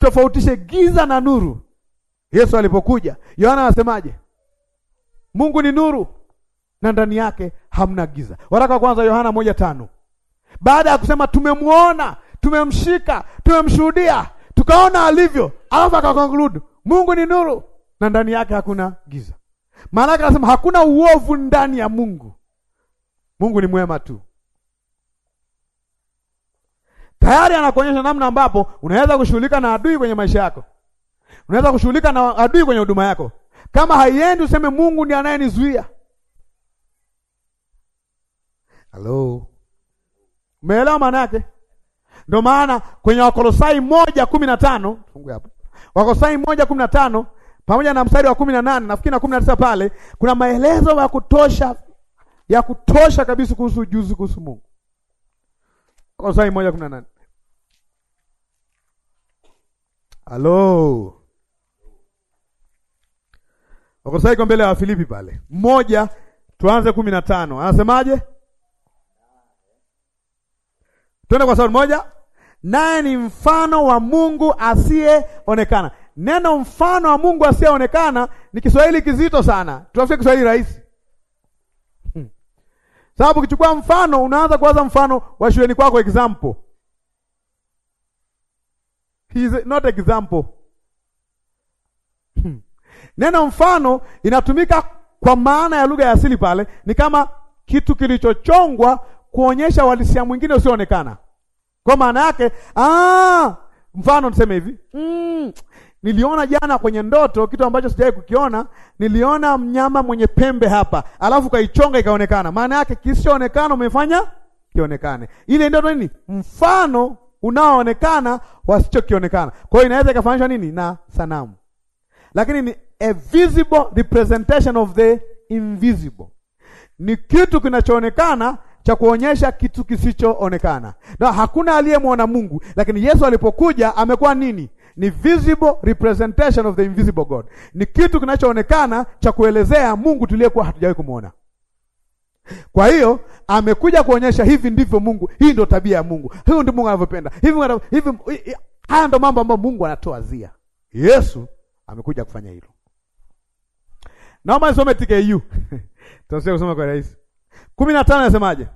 tofautishe giza na nuru. Yesu alipokuja, Yohana anasemaje? Mungu ni nuru na ndani yake hamna giza. Waraka wa kwanza Yohana moja tano. Baada ya kusema tumemwona, tumemshika, tumemshuhudia, tukaona alivyo, alafu akakonclude Mungu ni nuru na ndani yake hakuna giza. Maana anasema hakuna uovu ndani ya Mungu. Mungu ni mwema tu. Tayari anakuonyesha namna ambapo unaweza kushughulika na adui kwenye maisha yako, unaweza kushughulika na adui kwenye huduma yako. Kama haiendi useme Mungu ndiye anayenizuia. Halo, umeelewa maana yake? Ndio maana kwenye Wakolosai moja kumi na tano fungu hapo, Wakolosai moja kumi na tano pamoja na mstari wa kumi na nane nafikiri na kumi na tisa pale kuna maelezo ya kutosha ya kutosha kabisa kuhusu ujuzi kuhusu Mungu. Kolosai moja kumi na nane Halo. Wakolosai iko mbele ya Wafilipi pale. moja tuanze kumi na tano. Anasemaje? Twende kwa sauti moja. Naye ni mfano wa Mungu asiyeonekana. Neno mfano wa Mungu asiyeonekana ni Kiswahili kizito sana. Tutafute Kiswahili rahisi. Hmm. Sababu ukichukua mfano unaanza kuwaza mfano wa shuleni kwako example. He is not example. Hmm. Neno mfano inatumika kwa maana ya lugha ya asili pale, ni kama kitu kilichochongwa kuonyesha walisia mwingine usioonekana. Kwa maana yake, ah, mfano tuseme hivi mm, niliona jana kwenye ndoto kitu ambacho sijawahi kukiona. Niliona mnyama mwenye pembe hapa, alafu kaichonga ikaonekana. Maana yake kisichoonekana umefanya kionekane. Ile ndoto nini? Mfano unaoonekana wasichokionekana. Kwa hiyo inaweza ikafanishwa nini na sanamu, lakini ni a visible representation of the invisible, ni kitu kinachoonekana cha kuonyesha kitu kisichoonekana, na hakuna aliyemwona Mungu, lakini Yesu alipokuja amekuwa nini? Ni visible representation of the invisible God, ni kitu kinachoonekana cha kuelezea Mungu tuliyekuwa hatujawahi kumwona. Kwa hiyo amekuja kuonyesha hivi ndivyo Mungu, hii ndio tabia ya Mungu, huyu ndio Mungu anavyopenda hivi, hivi. Haya ndio mambo ambayo Mungu anatoa zia. Yesu amekuja kufanya hilo. Naomba nisome TKU tunasema kusoma kwa rahisi. kumi na tano nasemaje?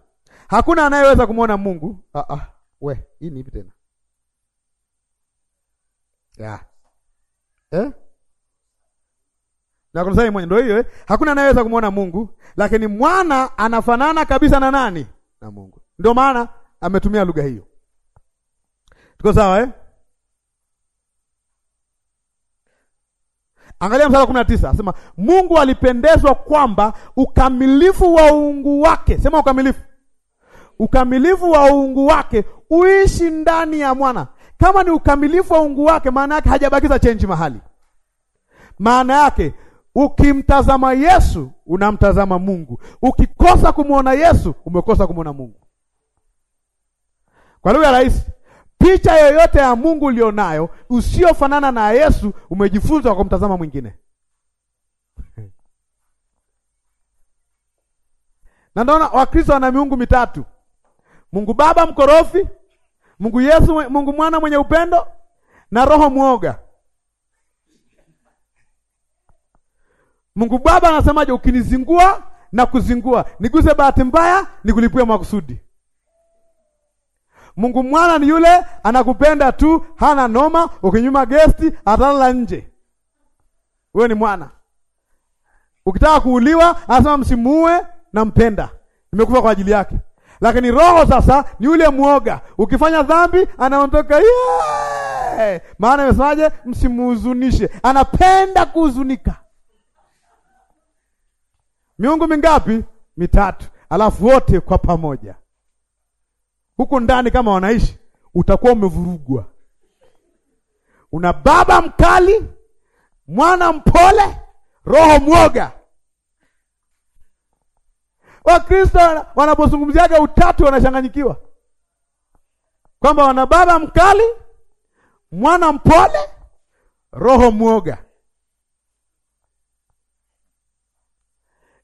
Hakuna anayeweza kumwona Mungu. Ah, ah, we hii ni ipi tena? yeah. eh? na mwenye ndio hiyo eh? Hakuna anayeweza kumwona Mungu, lakini mwana anafanana kabisa na nani? Na Mungu. Ndio maana ametumia lugha hiyo. Tuko sawa eh? Angalia mstari wa kumi na tisa asema Mungu alipendezwa kwamba ukamilifu wa uungu wake, sema ukamilifu, ukamilifu wa uungu wake uishi ndani ya mwana. Kama ni ukamilifu wa uungu wake, maana yake hajabakiza chenji mahali. Maana yake Ukimtazama Yesu unamtazama Mungu. Ukikosa kumwona Yesu umekosa kumwona Mungu. Kwa lugha rahisi, picha yoyote ya Mungu ulionayo usiofanana na Yesu umejifunza kwa kumtazama mwingine. Na naona Wakristo wana miungu mitatu: Mungu Baba mkorofi, Mungu Yesu, Mungu Mwana mwenye upendo na Roho mwoga. Mungu Baba anasemaje? Ukinizingua na kuzingua, niguse bahati mbaya, nikulipie makusudi. Mungu Mwana ni yule anakupenda tu, hana noma. Ukinyuma gesti atalala nje, wewe ni mwana. Ukitaka kuuliwa, anasema msimuue, nampenda, nimekufa kwa ajili yake. Lakini roho sasa ni yule mwoga, ukifanya dhambi anaondoka, maana imesemaje? Msimuhuzunishe, anapenda kuhuzunika miungu mingapi? Mitatu, alafu wote kwa pamoja huko ndani, kama wanaishi utakuwa umevurugwa. Una baba mkali, mwana mpole, roho mwoga. Wakristo wanapozungumziaga utatu wanachanganyikiwa kwamba wana baba mkali, mwana mpole, roho mwoga.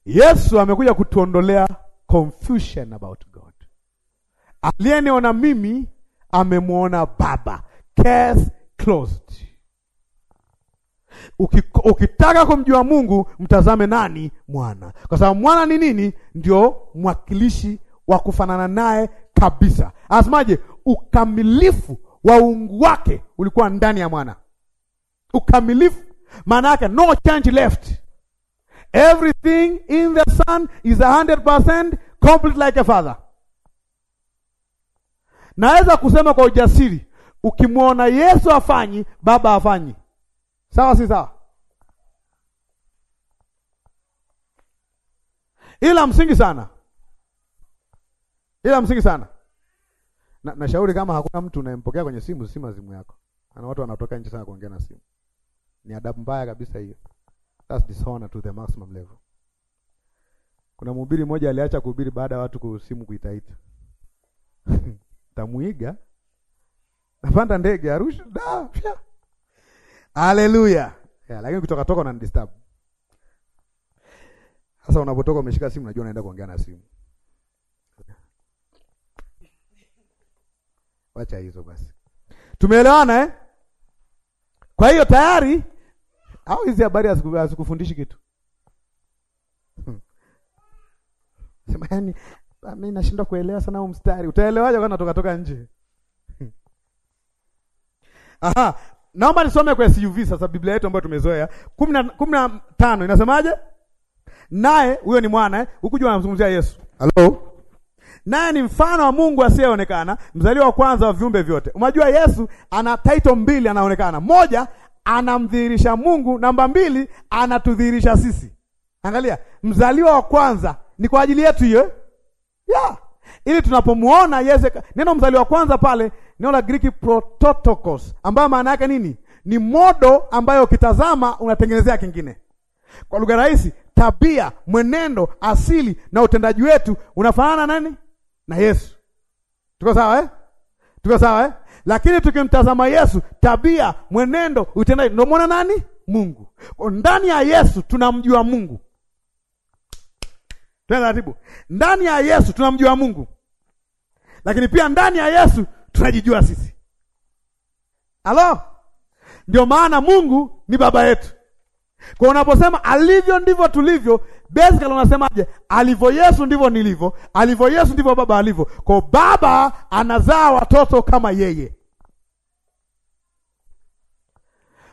Yesu amekuja kutuondolea confusion about God. Aliyeniona mimi amemwona Baba. Case closed. Ukitaka kumjua Mungu mtazame nani? Mwana, kwa sababu mwana ni nini? Ndio mwakilishi wa kufanana naye kabisa. Asemaje? Ukamilifu wa uungu wake ulikuwa ndani ya mwana. Ukamilifu maana yake no change left. Everything in the Son is percent complete like a father. Naweza kusema kwa ujasiri, ukimwona Yesu afanyi, Baba afanyi. Sawa, si sawa? Ila msingi sana, ila msingi sana na, nashauri kama hakuna mtu unayempokea kwenye simu, sima simu yako, ana watu wanatoka nje sana kuongea na simu. Ni adabu mbaya kabisa hiyo. That's dishonor to the maximum level. Kuna mhubiri mmoja aliacha kuhubiri baada ya watu kusimu kuitaita tamuiga napanda ndege Arusha da haleluya, yeah, lakini kutoka toka unanidisturb sasa. Unapotoka umeshika simu, najua unaenda kuongea na simu. Wacha hizo basi, tumeelewana eh? Kwa hiyo tayari au hizi habari hazikufundishi kitu? Hmm. Sema yani mimi ah, nashindwa kuelewa sana huu mstari. Utaelewaje kwa natoka toka nje? Hmm. Aha, naomba nisome kwa SUV sasa Biblia yetu ambayo tumezoea. 15 inasemaje? Naye huyo ni mwana eh, huku jua anamzungumzia Yesu. Hello. Naye ni mfano wa Mungu asiyeonekana, mzaliwa wa kwanza wa viumbe vyote. Unajua Yesu ana title mbili anaonekana. Moja anamdhihirisha Mungu. Namba mbili, anatudhihirisha sisi. Angalia, mzaliwa wa kwanza ni kwa ajili yetu hiyo, yeah. Ili tunapomuona Yesu, neno mzaliwa wa kwanza pale, neno la Greek prototokos, ambayo maana yake nini? Ni modo ambayo ukitazama unatengenezea kingine. Kwa lugha rahisi, tabia, mwenendo, asili na utendaji wetu unafanana nani? Na Yesu. Tuko sawa eh? Tuko sawa eh? lakini tukimtazama Yesu, tabia, mwenendo, utendaji, ndio muona nani? Mungu. Ndani ya Yesu tunamjua Mungu. Tena taratibu, ndani ya Yesu tunamjua Mungu, lakini pia ndani ya Yesu tunajijua sisi. Halo, ndio maana Mungu ni baba yetu. Kwa unaposema alivyo ndivyo tulivyo, basically unasemaje? Alivyo Yesu ndivyo nilivyo, alivyo Yesu ndivyo Baba alivyo. Kwa Baba anazaa watoto kama yeye.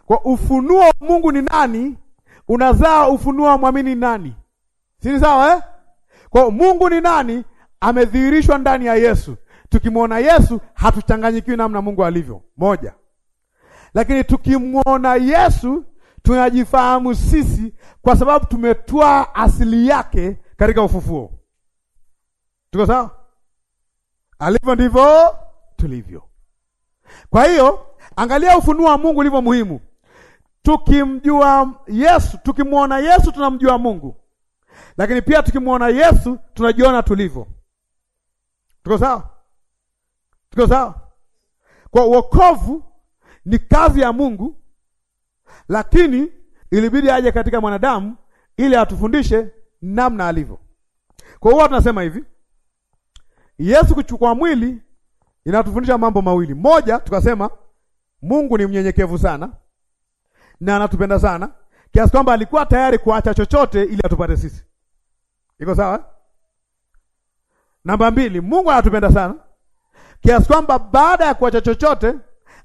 Kwa ufunuo wa Mungu ni nani? Unazaa ufunuo wa mwamini ni nani? Si sawa eh? Kwa Mungu ni nani? Amedhihirishwa ndani ya Yesu. Tukimwona Yesu hatuchanganyikiwi namna Mungu alivyo. Moja. Lakini tukimwona Yesu tunajifahamu sisi kwa sababu tumetoa asili yake katika ufufuo. Tuko sawa? Alivyo ndivyo tulivyo. Kwa hiyo angalia ufunuo wa Mungu ulivyo muhimu. Tukimjua Yesu, tukimwona Yesu tunamjua Mungu, lakini pia tukimwona Yesu tunajiona tulivyo. Tuko sawa? Tuko sawa? Kwa wokovu ni kazi ya Mungu lakini ilibidi aje katika mwanadamu ili atufundishe namna alivyo. Kwa hiyo tunasema hivi, Yesu kuchukua mwili inatufundisha mambo mawili. Moja, tukasema Mungu ni mnyenyekevu sana na anatupenda sana kiasi kwamba alikuwa tayari kuacha chochote ili atupate sisi. Iko sawa? Namba mbili, Mungu anatupenda sana kiasi kwamba baada ya kuacha chochote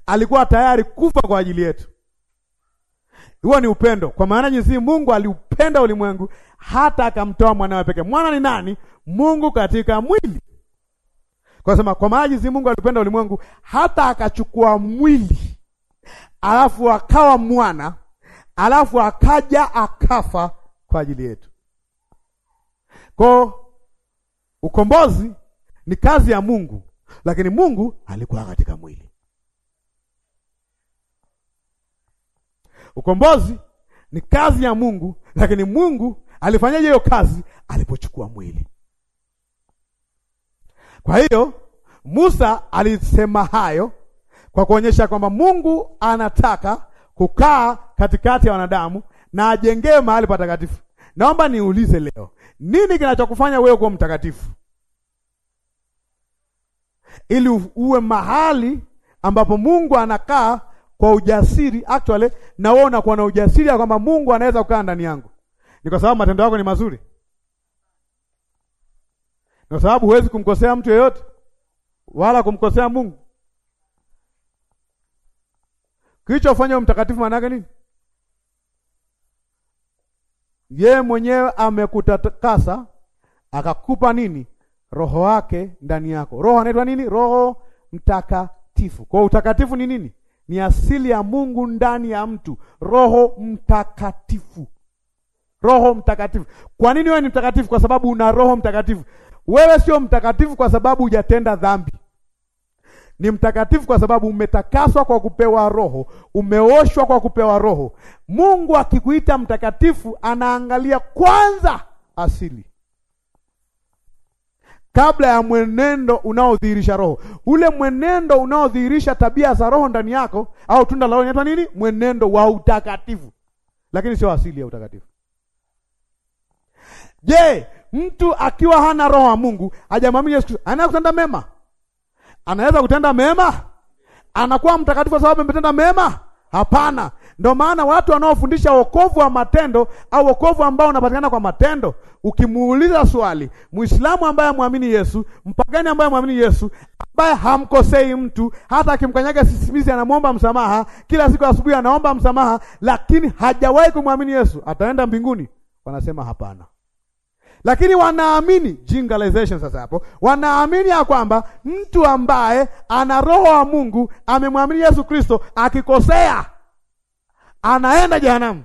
alikuwa tayari kufa kwa ajili yetu. Huo ni upendo, kwa maana jinsi Mungu aliupenda ulimwengu hata akamtoa mwanawe pekee. Mwana ni nani? Mungu katika mwili. Kwa sema, kwa maana jinsi Mungu aliupenda ulimwengu hata akachukua mwili, alafu akawa mwana, alafu akaja akafa kwa ajili yetu. Kwa ukombozi ni kazi ya Mungu, lakini Mungu alikuwa katika mwili. Ukombozi ni kazi ya Mungu, lakini Mungu alifanyaje hiyo kazi? Alipochukua mwili. Kwa hiyo Musa alisema hayo kwa kuonyesha kwamba Mungu anataka kukaa katikati ya wanadamu na ajengee mahali patakatifu. Naomba niulize leo, nini kinachokufanya wewe kuwa mtakatifu ili uwe mahali ambapo Mungu anakaa kwa ujasiri actually, na wewe unakuwa na ujasiri ya kwamba Mungu anaweza kukaa ndani yangu, ni kwa sababu matendo yako ni mazuri, ni kwa sababu huwezi kumkosea mtu yeyote wala kumkosea Mungu. Kilichofanya mtakatifu maana yake nini? Yeye mwenyewe amekutakasa akakupa nini? Roho wake ndani yako. Roho anaitwa nini? Roho Mtakatifu. Kwa utakatifu ni nini? ni asili ya Mungu ndani ya mtu, Roho Mtakatifu. Roho Mtakatifu. Kwa nini wewe ni mtakatifu? Kwa sababu una Roho Mtakatifu. Wewe sio mtakatifu kwa sababu hujatenda dhambi. Ni mtakatifu kwa sababu umetakaswa kwa kupewa Roho, umeoshwa kwa kupewa Roho. Mungu akikuita mtakatifu, anaangalia kwanza asili kabla ya mwenendo unaodhihirisha roho. Ule mwenendo unaodhihirisha tabia za roho ndani yako au tunda la roho inaitwa nini? Mwenendo wa utakatifu, lakini sio asili ya utakatifu. Je, mtu akiwa hana roho wa Mungu hajamwamini Yesu anaweza kutenda mema? Anaweza kutenda mema? Anakuwa mtakatifu kwa sababu ametenda mema? Hapana. Ndio maana watu wanaofundisha wokovu wa matendo au wokovu ambao unapatikana kwa matendo, ukimuuliza swali, Muislamu ambaye amwamini Yesu, mpagani ambaye amwamini Yesu, ambaye hamkosei mtu, hata akimkanyaga sisimizi anamwomba msamaha, kila siku asubuhi anaomba msamaha, lakini hajawahi kumwamini Yesu, ataenda mbinguni? Wanasema hapana. Lakini wanaamini jingalization. Sasa hapo wanaamini ya kwamba mtu ambaye ana roho wa Mungu amemwamini Yesu Kristo akikosea anaenda jehanamu,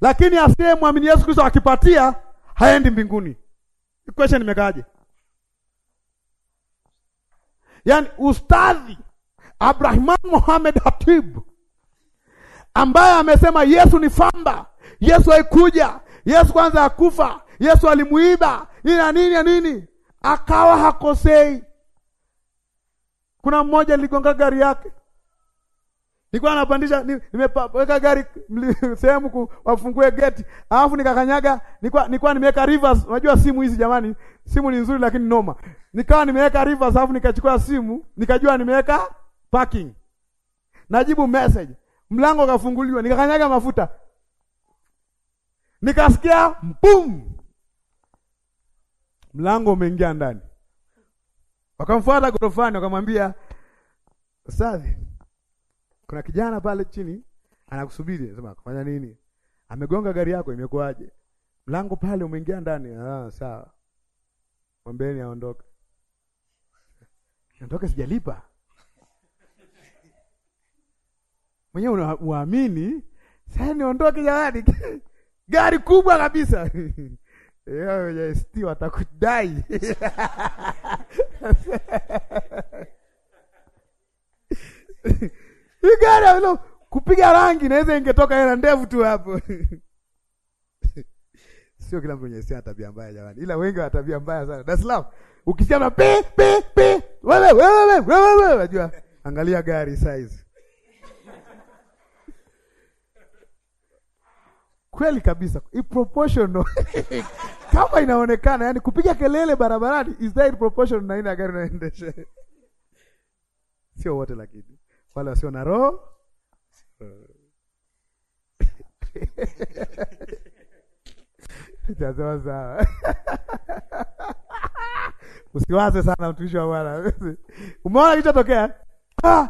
lakini asiye mwamini Yesu Kristo akipatia haendi mbinguni. Question imekaaje? Yaani ustadhi abrahiman Mohamed Hatib ambaye amesema Yesu ni famba, Yesu haikuja, Yesu kwanza akufa, Yesu alimuiba nini na nini na nini, akawa hakosei. Kuna mmoja niligonga gari yake Nilikuwa napandisha nimeweka gari sehemu kuwafungue geti, alafu nikakanyaga, nilikuwa nilikuwa nimeweka rivers. Unajua simu hizi jamani, simu ni nzuri lakini noma. Nikawa nimeweka rivers, alafu nikachukua simu, nikajua nimeweka parking. Najibu message. Mlango kafunguliwa, nikakanyaga mafuta. Nikasikia boom. Mlango umeingia ndani. Wakamfuata gorofani, wakamwambia, "Sadhi, kuna kijana pale chini anakusubiri, anasema kufanya nini? Amegonga gari yako, imekuwaje? Mlango pale umeingia ndani. Ah, sawa, mwambeni aondoke. Aondoke, sijalipa mwenyewe. Unaamini sasa, niondoke jamani? gari kubwa kabisa sti eh, watakudai hii gari hilo kupiga rangi naweza ingetoka hela ndevu tu hapo. Sio kila mtu mwenye tabia mbaya jamani, ila wengi wana tabia mbaya sana. Dar es Salaam ukisema pe pe pe, wewe wewe wewe, unajua angalia gari size. Kweli kabisa, i proportional kama inaonekana, yani kupiga kelele barabarani is that proportional na aina ya gari unaendesha? Sio wote lakini wale wasio na roho sawa. Usiwaze sana mtumishi wa Bwana. Umeona kilichotokea? Ah,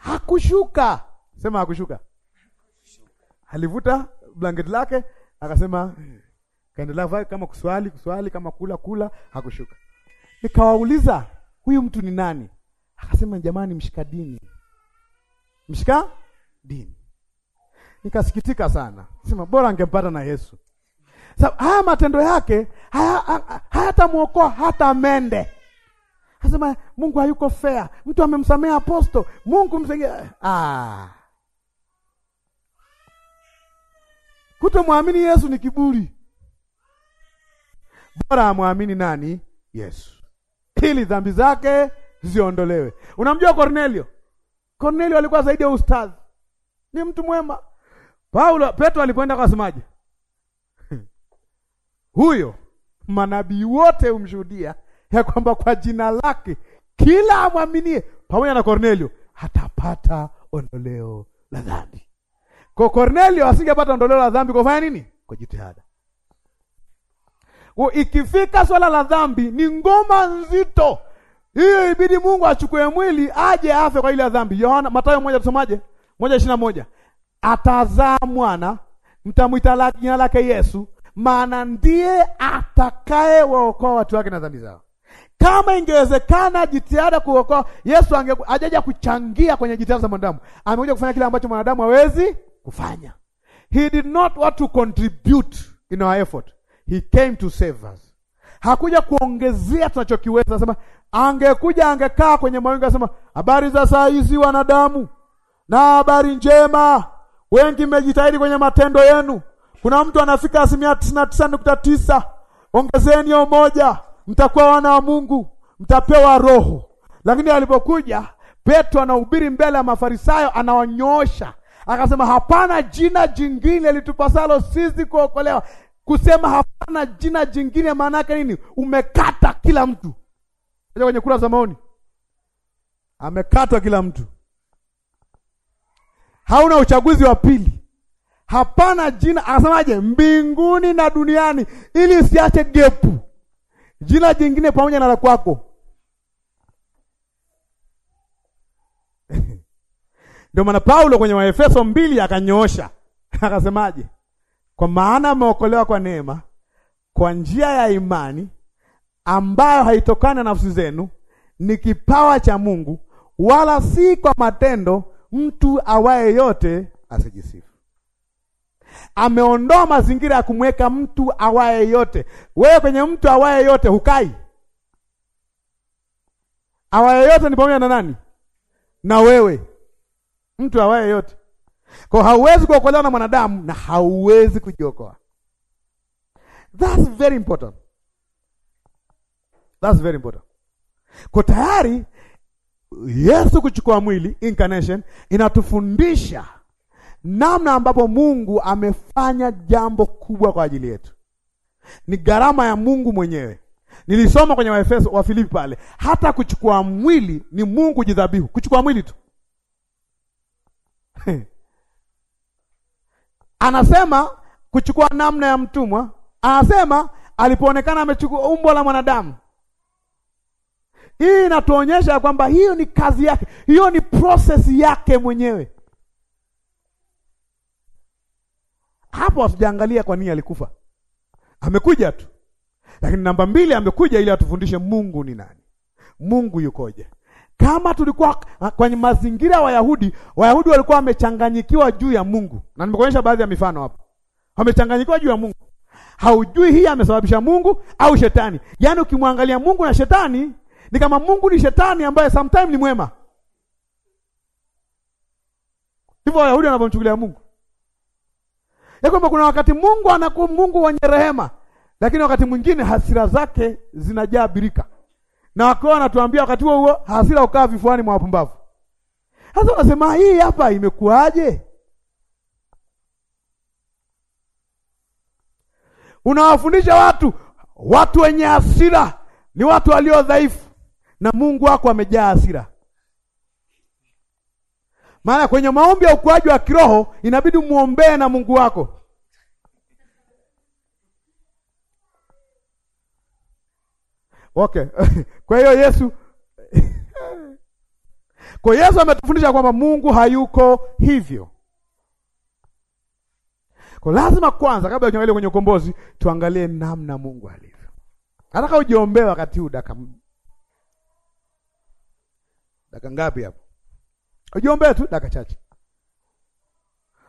hakushuka. Sema hakushuka. Alivuta blanketi lake akasema kaendelea vai kama kuswali kuswali kama kula kula, hakushuka. Nikawauliza huyu mtu ni nani? Akasema jamani, mshikadini mshika dini. Nikasikitika sana, sema bora angepata na Yesu. Sasa haya matendo yake hayatamwokoa haya hata mende. Anasema Mungu hayuko fair, mtu amemsamea aposto, Mungu msenge ah. Kutomwamini Yesu ni kiburi, bora amwamini nani? Yesu, ili dhambi zake ziondolewe. Unamjua Kornelio Kornelio alikuwa zaidi ya ustadhi, ni mtu mwema. Paulo Petro alikwenda kasemaje? huyo manabii wote humshuhudia ya kwamba kwa jina lake kila amwaminie pamoja na Kornelio hatapata ondoleo la dhambi. Kwa Kornelio asingepata ondoleo la dhambi kwa kufanya nini? Kwa jitihada. Ikifika swala la dhambi, ni ngoma nzito hiyo ibidi Mungu achukue mwili aje afe kwa ile ya dhambi. Yohana Mathayo moja tusomaje? moja ishirini na moja atazaa mwana mtamwita jina lake Yesu, maana ndiye atakaye waokoa watu wake na dhambi zao. Kama ingewezekana jitihada kuokoa, Yesu ajaja kuchangia kwenye jitihada za mwanadamu. Amekuja kufanya kile ambacho mwanadamu hawezi kufanya. He did not want to contribute in our effort, he came to save us. Hakuja kuongezea tunachokiweza, anasema Angekuja angekaa kwenye mawingu asema, habari za saa hizi wanadamu, na habari njema. Wengi mmejitahidi kwenye matendo yenu. Kuna mtu anafika asilimia tisini na tisa nukta tisa. Ongezeni hiyo moja, mtakuwa wana wa Mungu, mtapewa Roho. Lakini alipokuja Petro anahubiri mbele ya Mafarisayo, anawanyoosha akasema, hapana jina jingine litupasalo sisi kuokolewa. Kusema hapana jina jingine maana yake nini? Umekata kila mtu Acha kwenye kura za maoni, amekatwa kila mtu. Hauna uchaguzi wa pili, hapana jina. Akasemaje? mbinguni na duniani, ili siache gepu jina jingine pamoja na la kwako. Ndio maana Paulo kwenye Waefeso mbili akanyoosha akasemaje? Kwa maana ameokolewa kwa neema, kwa njia ya imani, ambayo haitokani na nafsi zenu, ni kipawa cha Mungu, wala si kwa matendo, mtu awaye yote asijisifu. Ameondoa mazingira ya kumweka mtu awaye yote. Wewe kwenye mtu awaye yote hukai. Awaye yote ni pamoja na nani? Na wewe, mtu awaye yote. Kwa hauwezi kuokolewa na mwanadamu na hauwezi kujiokoa. That's very important. That's very important. Kwa tayari Yesu kuchukua mwili incarnation inatufundisha namna ambapo Mungu amefanya jambo kubwa kwa ajili yetu. Ni gharama ya Mungu mwenyewe. Nilisoma kwenye Waefeso wa Filipi pale, hata kuchukua mwili ni Mungu jidhabihu kuchukua mwili tu anasema kuchukua namna ya mtumwa, anasema alipoonekana amechukua umbo la mwanadamu hii inatuonyesha ya kwamba hiyo ni kazi yake, hiyo ni process yake mwenyewe. Hapo hatujaangalia kwa nini alikufa, amekuja tu. Lakini namba mbili, amekuja ili atufundishe Mungu ni nani, Mungu yukoje. Kama tulikuwa kwenye mazingira ya Wayahudi, Wayahudi walikuwa wamechanganyikiwa juu ya Mungu, na nimekuonyesha baadhi ya mifano hapo. Wamechanganyikiwa juu ya Mungu, haujui hii amesababisha Mungu au shetani. Yaani ukimwangalia Mungu na shetani ni kama Mungu ni shetani ambaye sometimes ni mwema. Hivyo Wayahudi wanavyomchukulia Mungu, ya kwamba kuna wakati Mungu anakuwa Mungu mwenye rehema, lakini wakati mwingine hasira zake zinajaa birika, na wakiwa wanatuambia wakati huo huo hasira ukaa vifuani mwa wapumbavu. Sasa wanasema hii hapa imekuwaje? Unawafundisha watu, watu wenye hasira ni watu walio dhaifu na Mungu wako amejaa hasira. Maana kwenye maombi ya ukuaji wa kiroho inabidi muombee na Mungu wako. Okay. Kwa hiyo Yesu kwa Yesu ametufundisha kwamba Mungu hayuko hivyo. Kwa lazima kwanza kabla tuangalie kwenye ukombozi tuangalie namna Mungu alivyo. Nataka ujiombe wakati huu dakika Dakika ngapi hapo? Ujiombea tu dakika chache.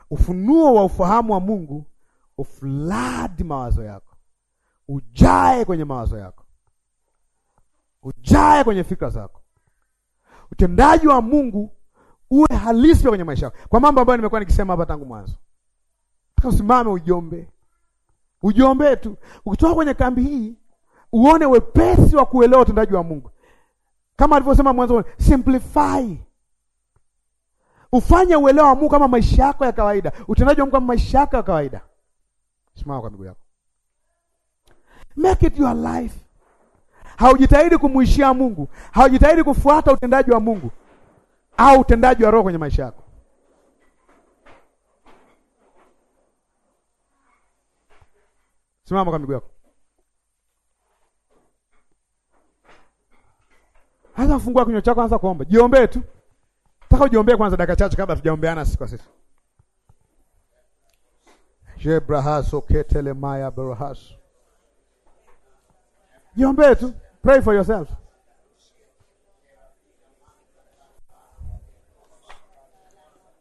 Ufunuo wa ufahamu wa Mungu ufladi mawazo yako, ujae kwenye mawazo yako, ujae kwenye fikra zako, utendaji wa Mungu uwe halisi kwenye maisha yako, kwa mambo ambayo nimekuwa nikisema hapa tangu mwanzo. usimame ujombe, ujombe tu ukitoka kwenye kambi hii, uone wepesi wa kuelewa utendaji wa Mungu kama alivyosema mwanzo, simplify, ufanye uelewa wa Mungu kama maisha yako ya kawaida, utendaji wa Mungu kama maisha yako ya kawaida. Simama kwa miguu yako, make it your life. Haujitahidi kumuishia Mungu, haujitahidi kufuata utendaji wa Mungu au utendaji wa Roho kwenye maisha yako. Simama kwa miguu yako. lazima fungua kinywa chako, anza kuomba. Jiombee tu, mpaka ujiombee kwanza dakika chache, kabla tujaombeana sisi kwa sisi. Jebrahaso ketele maya brahaso. jiombee tu, pray for yourself.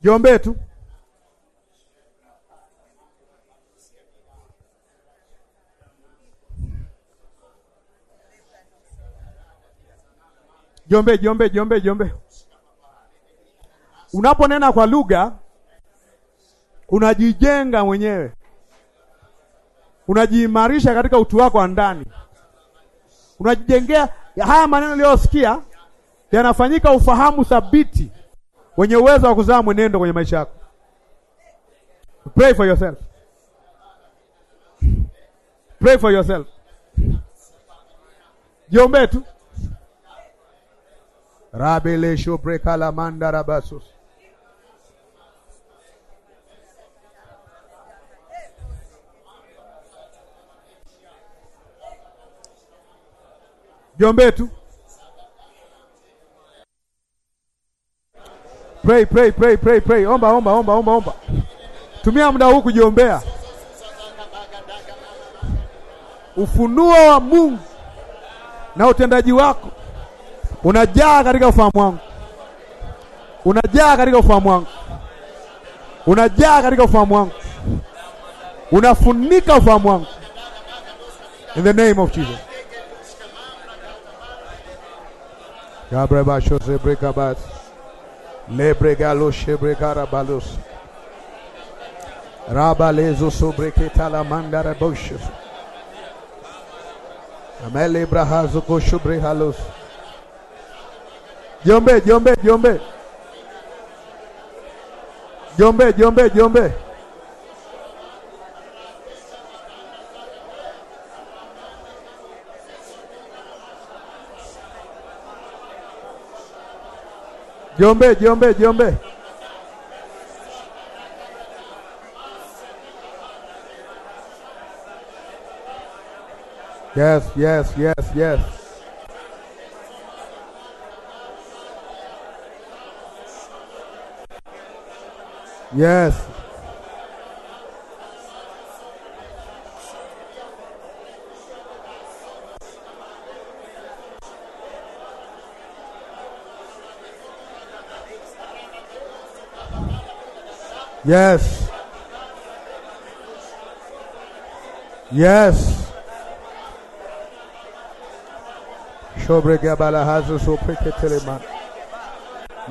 Jiombee tu. Jombe, jombe, jombe, jombe. Unaponena kwa lugha unajijenga mwenyewe, unajiimarisha katika utu wako wa ndani, unajijengea. Haya maneno uliyosikia yanafanyika ufahamu thabiti wenye uwezo wa kuzaa mwenendo kwenye maisha yako. Pray for yourself. Pray for yourself. Jiombee tu rabele shoprekala mandara basus Jombe tu pray, pray, pray, pray, pray. Omba, omba, omba, omba, omba. Tumia muda huu kujiombea ufunuo wa Mungu na utendaji wako. unajaa katika ufahamu wangu, unajaa katika ufahamu wangu, unajaa katika ufahamu wangu, unafunika ufahamu wangu in the name of Jesus. gabrabashosebrekabas lebregalosebrekarabalos rabalezosobreketalamandaraboshos amelebrahazokoshobrehalos Jombe, jombe, jombe. Jombe, jombe, jombe. Jombe, jombe, jombe. Yes, yes, yes, yes. Yes. Yes. Yes. Shobregabala has a so picket teleman.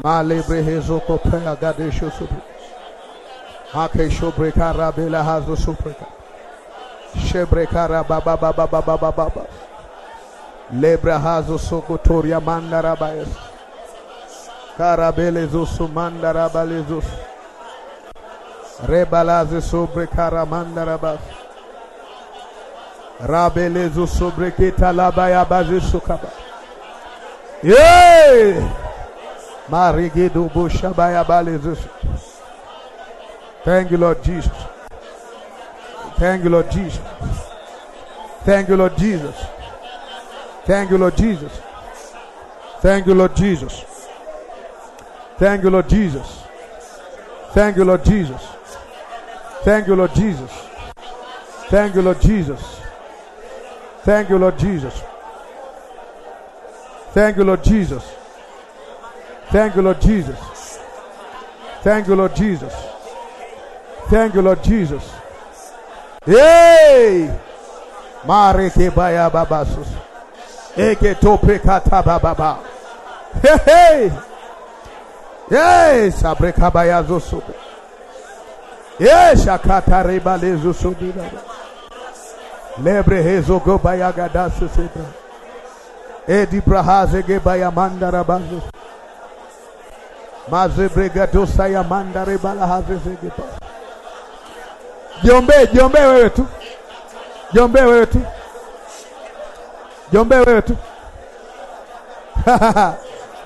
Malebre has a copay, I got issues. Make shobreka rabela hazo supreka. Shebreka rababa baba baba baba. Lebra hazo sokotoria manda rabayas. Karabele zusu manda rabale zusu. Rebalaze sobreka ramanda rabas. Rabele zusu breketa labaya baze sukaba. Yee! Marigidu bushabaya bale zusu. Thank you, Lord Jesus. Thank you, Lord Jesus. Thank you, Lord Jesus. Thank you, Lord Jesus. Thank you, Lord Jesus. Thank you, Lord Jesus. Thank you, Lord Jesus. Thank you, Lord Jesus. Thank you, Lord Jesus. Thank you, Lord Jesus. Thank you, Lord Jesus. Thank you, Lord Jesus. Thank you, Lord Jesus. Thank you, Lord Jesus. Hey! Mareke baya babasus. Eke tope kata bababa. Hey, hey! Yes, abreka baya zosobe. Yes, akata reba lezo sobida. Lebre hezo go baya gadasu sebra. Edi brahaze ge baya mandara bazus. Mazebrega dosaya mandare bala hazeze ge baya. Jiombee, jiombee wewe tu, jiombee wewe tu, jiombee wewe tu.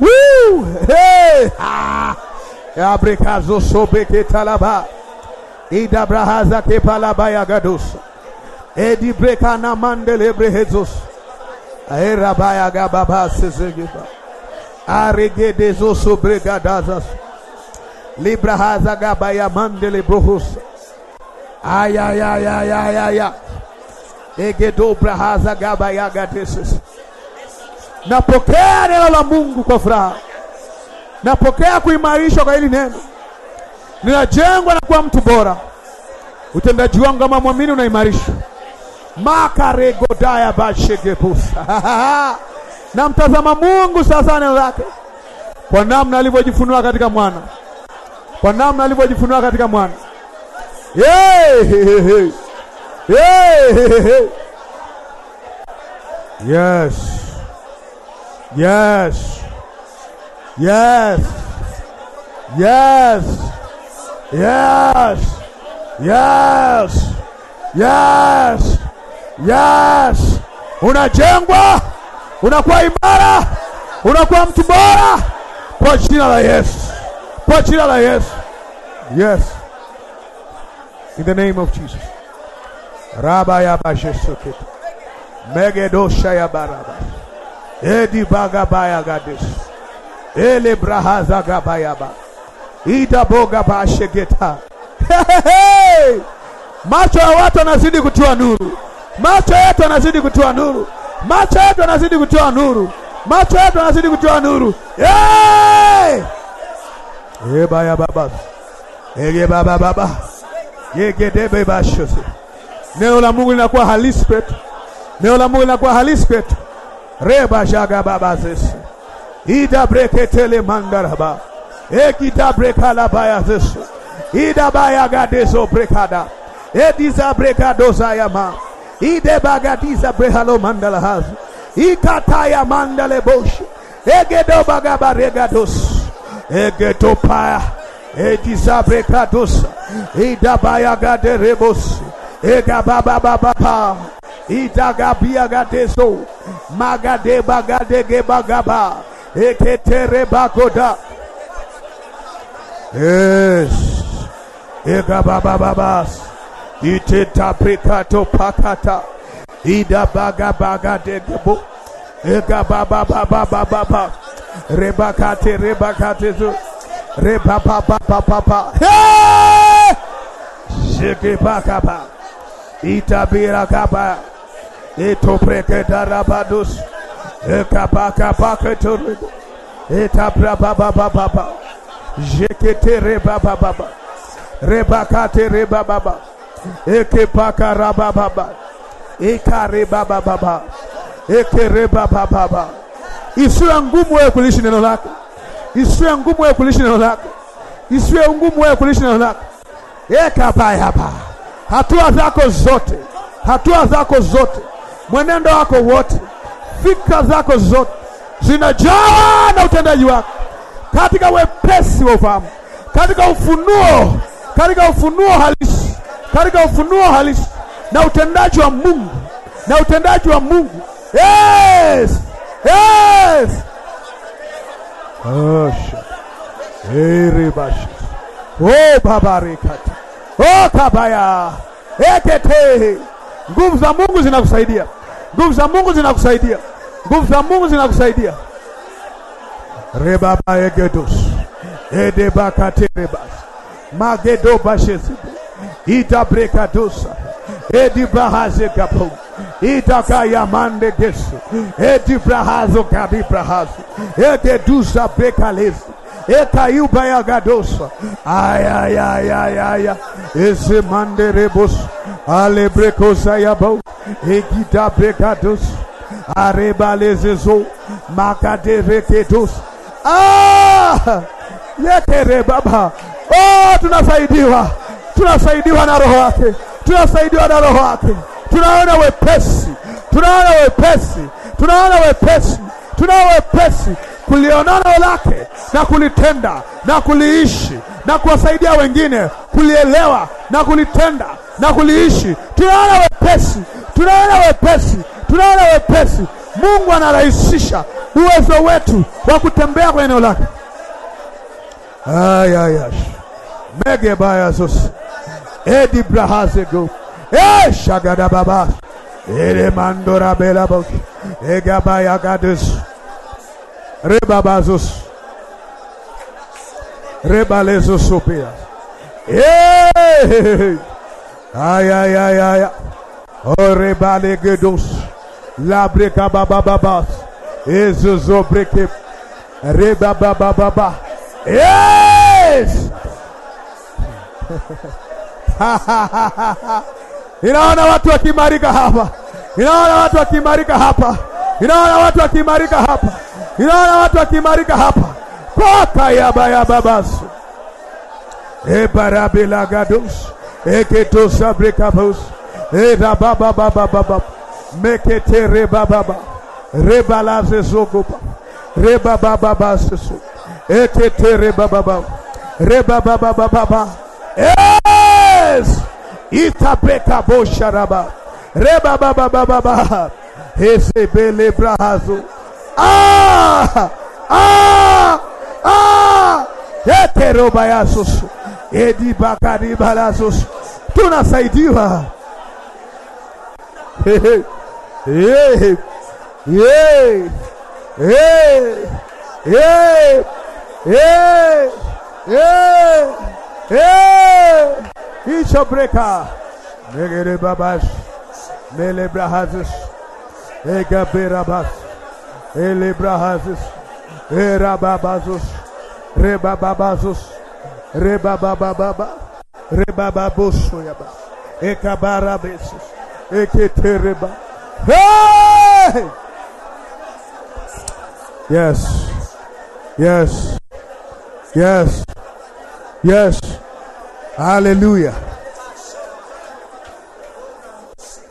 Woo! Hey! Ah! Abrikazo sobeke talaba. Ida brahaza ke palaba ya gados. Edi breka na mandele brehezos. Era baya gababa sezegeba. Arege dezo sobre gadazas. Librahaza gabaya mandele brohos. Ayayayayaya. Egedobrahaza gabayagateses. Napokea neno la Mungu kwa furaha. Napokea kuimarishwa kwa hili neno. Ninajengwa na kuwa mtu bora. Utendaji wangu kama mwamini unaimarishwa. makaregodaya bashegebusa namtazama Mungu sasa, neno lake kwa namna alivyojifunua katika mwana, kwa namna alivyojifunua katika mwana. Yay! Yay! Yes. Yes. Yes. Yes. Yes. Yes. Yes. Yes. Unajengwa, unakuwa imara, unakuwa mtu bora kwa jina la Yesu. Kwa jina la Yesu. Yes. In the name of Jesus. Jesuket. Rabayabashesukit. Megedoshayabarabash. Edi bagabaya gadis. Ele brahaza gabayaba. Ida boga Hey! Macho ya watu yanazidi kutoa nuru. Macho yetu yanazidi kutoa nuru. Macho yetu yanazidi kutoa nuru. Macho yetu yanazidi kutoa nuru. Eh! Hey! Eba ya baba. Ege baba baba yegedebe basho. Neno la Mungu linakuwa halisi kwetu, neno la Mungu linakuwa halisi kwetu. reba shaga baba zesu idabreketele mandaraba baya zesu mandala edizabrekadozayama idebagadizabrehalomandahazi ikataya mandale boshi egedobagabaregados egedopaya ida edizabrekadus idabayagaderebos egababababa idagabiagadezo magadebagadegebagaba eketerebakoda yes egababababas itetaprekato pakata idabagabagadegebo egabababababa rebakate rebakatezo Reba ba ba ba ba ba. Shiki ba ka ba. Itabira ka ba. Itopreke darabadus. Ekaba ka ba ke turu. Itabra ba ba ba ba ba. Jekete reba ba ba ba. Reba ka te reba ba ba. Eke ba ka raba ba ba. Eka reba ba ba ba. Eke reba ba ba ba. Isiwe ngumu wewe kulishi neno lako. Isiwe ngumu wewe kulishi neno lako, isiwe ngumu wewe kulishi neno lako. Yekabaye ee, ee, hapa, hatua zako zote, hatua zako zote, mwenendo wako wote, fikra zako zote zinajaa na utendaji wako katika wepesi wa ufahamu, katika ufunuo, katika ufunuo halisi, katika ufunuo halisi na utendaji wa Mungu, na utendaji wa Mungu. Yes, yes. Ekete. Nguvu za Mungu zinakusaidia. Nguvu za Mungu zinakusaidia. Nguvu za Mungu zinakusaidia. Rebaba egedos. Edebakaterebas. Magedo bashesibu. edibahazegapou itakayamandegeso edibrahazo kadibrahazo ededusa bekalezo ekayubayagadosa ayayayayaya esemanderebos alebrekosayabau egidabregados arebalezezo makaderekedos ah! yekere baba oh, tunasaidiwa tunasaidiwa na roho yake tunasaidiwa na roho yake tunaona wepesi, tunaona wepesi, tunaona wepesi, tunaona wepesi kulionana lake na kulitenda na kuliishi na kuwasaidia wengine kulielewa na kulitenda na kuliishi. Tunaona wepesi, tunaona wepesi, tunaona wepesi. Mungu anarahisisha uwezo wetu wa kutembea kwa eneo lake. ayayash mege bayazus edi shagada baba ele mandora bela bok egaba yagadus rebabazus rebalezus supia ay ay ay ay orebale gedos labre kababa babas ezuzo breke rebaba baba yes ha ha ha ha Ninaona watu wakimarika hapa, ninaona watu wakimarika hapa, ninaona watu wakimarika hapa, ninaona watu wakimarika hapa paka yabayababasu ebarabilagados eketosabrikabos erababababababa meketerebababa rebalazezogoba rebabababaseso eketerebababa rebababababa yes Itapecabou baba. Rebababababá. Receber lebrazo. Ah! Ah! Ah! bacari Edibacaribaraços. Tu na saidiva. Ei! Ei! Ei! Ei! Ei! Ei! Ei! Hey! He shall break her. babas. Mele brahazis. Ega berabas. Ele brahazis. Era babazus. Reba babazus. Reba bababa. Reba babusu yaba. Eka barabesus. Eke tereba. Hey! Yes. Yes. Yes. Yes. Hallelujah.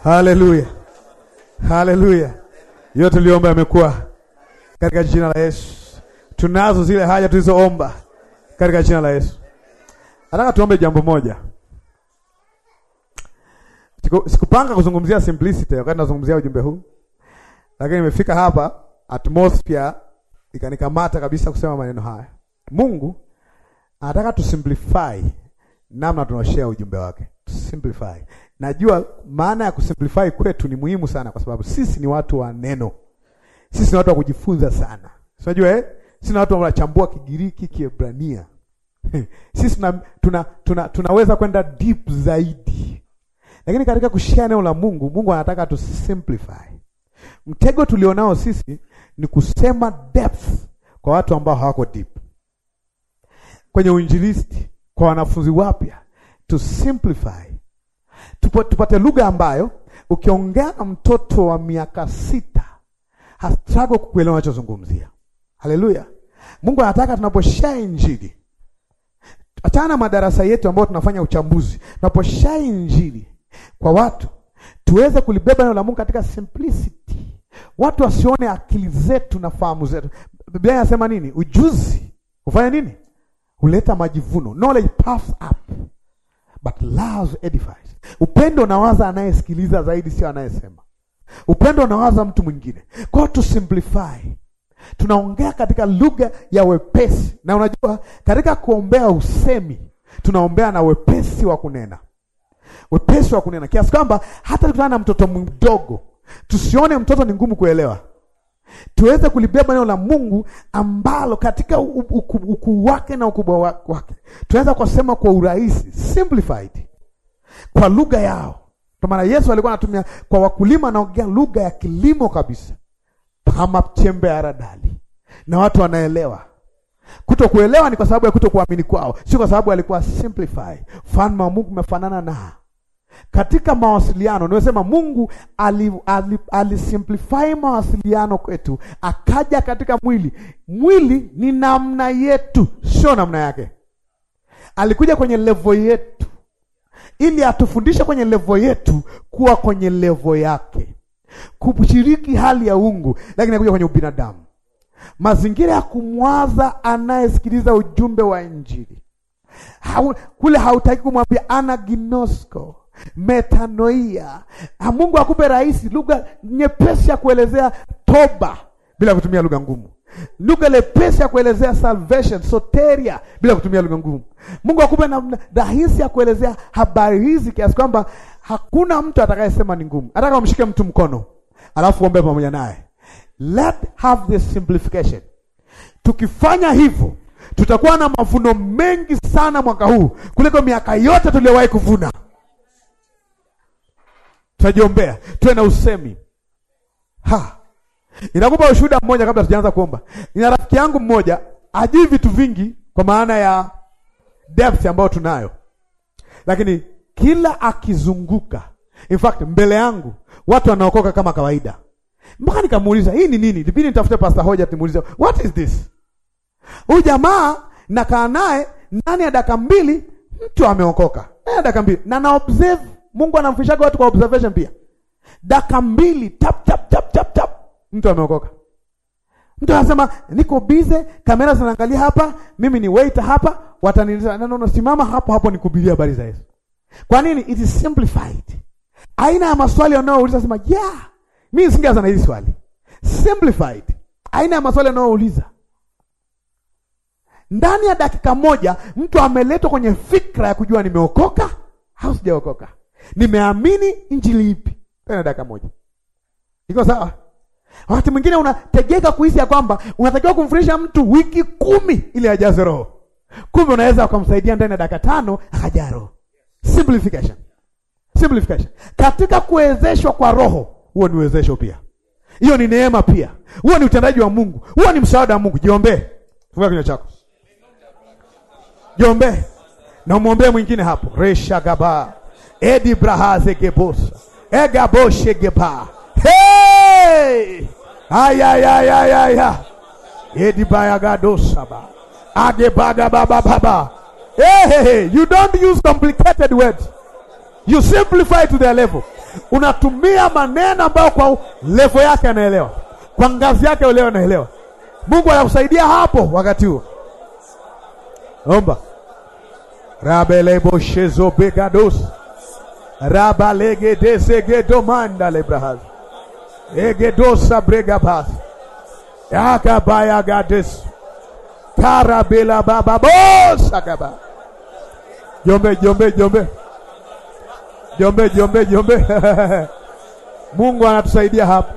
Hallelujah. Hallelujah. Yote tuliomba yamekuwa katika jina la Yesu. Tunazo zile haja tulizoomba katika jina la Yesu. Nataka tuombe jambo moja. sikupanga kuzungumzia simplicity wakati nazungumzia ujumbe huu. Lakini nimefika hapa atmosphere ikanikamata kabisa kusema maneno haya. Mungu anataka tusimplify namna tunashare ujumbe wake, Simplify. Najua maana ya kusimplify kwetu ni muhimu sana, kwa sababu sisi ni watu wa neno, sisi ni watu wa kujifunza sana, unajua eh? Sisi ni watu wanachambua Kigiriki, Kiebrania sisi tuna, tuna, tuna, tunaweza kwenda deep zaidi, lakini katika kushia neno la Mungu, Mungu anataka tu simplify. Mtego tulionao sisi ni kusema depth kwa watu ambao hawako deep kwenye uinjilisti kwa wanafunzi wapya, to simplify, tupate lugha ambayo ukiongea na mtoto wa miaka sita hastrago kukuelewa anachozungumzia. Haleluya! Mungu anataka tunaposhaa injili, achana madarasa yetu ambayo tunafanya uchambuzi, tunaposhaa injili kwa watu tuweze kulibeba neno la Mungu katika simplicity, watu wasione akili zetu na fahamu zetu. Biblia inasema nini? Ujuzi ufanye nini? huleta majivuno. Knowledge puffs up but love edifies. Upendo unawaza anayesikiliza zaidi, sio anayesema. Upendo unawaza mtu mwingine. Kwa to simplify, tunaongea katika lugha ya wepesi, na unajua katika kuombea usemi tunaombea na wepesi wa kunena, wepesi wa kunena, kiasi kwamba hata tukutana na mtoto mdogo tusione mtoto ni ngumu kuelewa tuweze kulibeba neno la Mungu ambalo katika ukuu wake na ukubwa wake tunaweza kusema kwa urahisi, simplified, kwa lugha yao. Kwa maana Yesu alikuwa anatumia kwa wakulima, anaongea lugha ya kilimo kabisa, kama chembe ya radali, na watu wanaelewa. Kutokuelewa ni kwa sababu ya kutokuamini kwao, si kwa sababu alikuwa simplify. Ufalme wa Mungu umefanana na katika mawasiliano. niwesema Mungu alisimplify ali, ali mawasiliano kwetu, akaja katika mwili. Mwili ni namna yetu, sio namna yake. Alikuja kwenye levo yetu ili atufundishe kwenye levo yetu kuwa kwenye levo yake, kushiriki hali ya uungu, lakini akuja kwenye ubinadamu, mazingira ya kumwaza anayesikiliza ujumbe wa Injili. Hau, kule hautaki kumwambia ana ginosko metanoia. Ah, Mungu akupe rahisi, lugha nyepesi ya kuelezea toba bila kutumia lugha ngumu, lugha lepesi ya kuelezea salvation soteria bila kutumia lugha ngumu. Mungu akupe na rahisi ya kuelezea habari hizi kiasi kwamba hakuna mtu atakayesema ni ngumu. Ataka umshike mtu mkono, alafu uombe pamoja naye, let have this simplification. Tukifanya hivyo tutakuwa na mavuno mengi sana mwaka huu kuliko miaka yote tuliyowahi kuvuna tunajiombea, tuwe na usemi ha. Inakupa ushuhuda mmoja kabla tujaanza kuomba. Nina rafiki yangu mmoja ajui vitu vingi kwa maana ya depth ambayo tunayo, lakini kila akizunguka, in fact mbele yangu watu wanaokoka kama kawaida, mpaka nikamuuliza hii ni nini, libidi nitafute Pastor Hoja nimuulize what is this. Huyu jamaa nakaa naye ndani ya dakika mbili mtu ameokoka, ndani ya dakika mbili na na observe Mungu anamfishaga watu kwa observation pia. Daka mbili tap tap tap tap tap, mtu ameokoka. Mtu anasema niko bize, kamera zinaangalia hapa, mimi ni waiter hapa, wataniuliza neno no, simama hapo hapo nikubiria habari za Yesu. Kwa nini? It is simplified. Aina ya maswali yanayouliza sema, yeah, mimi singeanza na hili swali. Simplified. Aina ya maswali yanayouliza. Ndani ya dakika moja mtu ameletwa kwenye fikra ya kujua nimeokoka au sijaokoka nimeamini injili ipi? Tena dakika moja, iko sawa? Wakati mwingine unategeka kuhisi ya kwamba unatakiwa kumfundisha mtu wiki kumi ili ajaze roho, kumbe unaweza ukamsaidia ndani ya dakika tano akajaa roho. Simplification, simplification katika kuwezeshwa kwa roho. Huo ni uwezesho pia, hiyo ni neema pia, huo ni utendaji wa Mungu, huo ni msaada wa Mungu. Jiombee, funga kinywa chako, jiombee na umwombee mwingine hapo. Resha gaba edi brahaze gebosa egaboshe geba hey ayayayayaya edi bayagadosaba baga baba baba hey, hey, hey. you don't use complicated words you simplify to the level unatumia maneno ambayo kwa level yake anaelewa kwa ngazi yake uleo anaelewa Mungu anakusaidia hapo wakati huo omba rabeleboshezobegados rabalegedesegedomandalebrahas egedosa bregabas yakabayagades karabela bababosakaba jombe jombe jombe jombe jombe jombe Mungu anatusaidia hapa,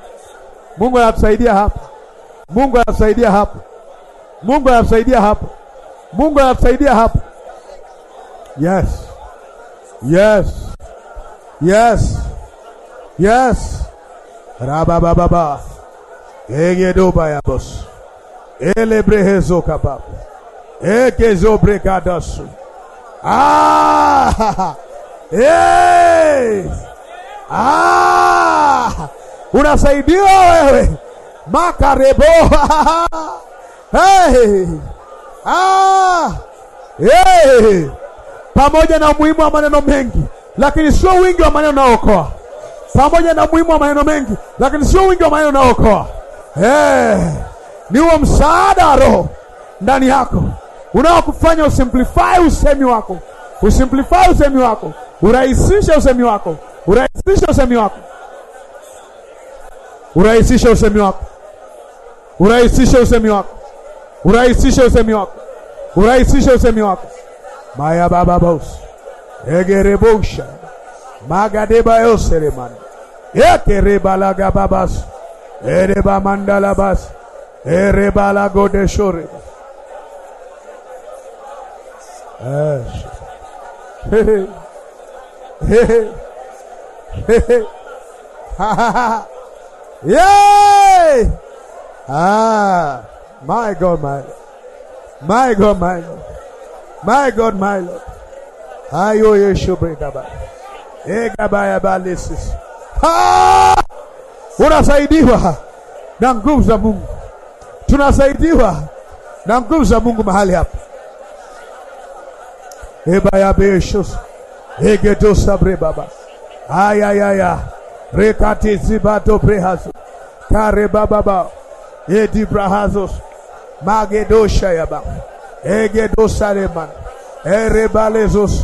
Mungu anatusaidia hapa, Mungu anatusaidia hapa, Mungu anatusaidia hapa, Mungu anatusaidia hapa. Yes, yes. Yes. Yes. Rabababa. Egedoba ya boss. Elebrehezo kapap. Ekezo brekadasu. Ah! Yes. Ah! Unasaidiwa wewe. Makarebo. Hey. Ah! Hey. Pamoja na umuhimu wa maneno mengi lakini sio wingi wa maneno naokoa, pamoja na umuhimu wa maneno mengi, lakini sio wingi wa maneno naokoa. Hey, eh, ni huo msaada wa Roho ndani yako unaokufanya usimplify usemi wako, usimplify usemi wako, urahisishe usemi wako, urahisishe usemi wako, urahisishe usemi wako, urahisishe usemi wako, urahisishe usemi wako, urahisishe usemi wako, maya baba boss egerebusha magadeba yosereman yekerebalagababas erebamandalabas erebalagodeshore Yay! Ah, my God, my My God, my My God, my Lord hayo yeshobregaba egabayabalesis unasaidiwa na nguvu za Mungu, tunasaidiwa na nguvu za Mungu mahali hapa to e e sabre baba ayayaya rekatizibatoprehazo karebababa edibrahazos magedoshayaba Ere erebalezos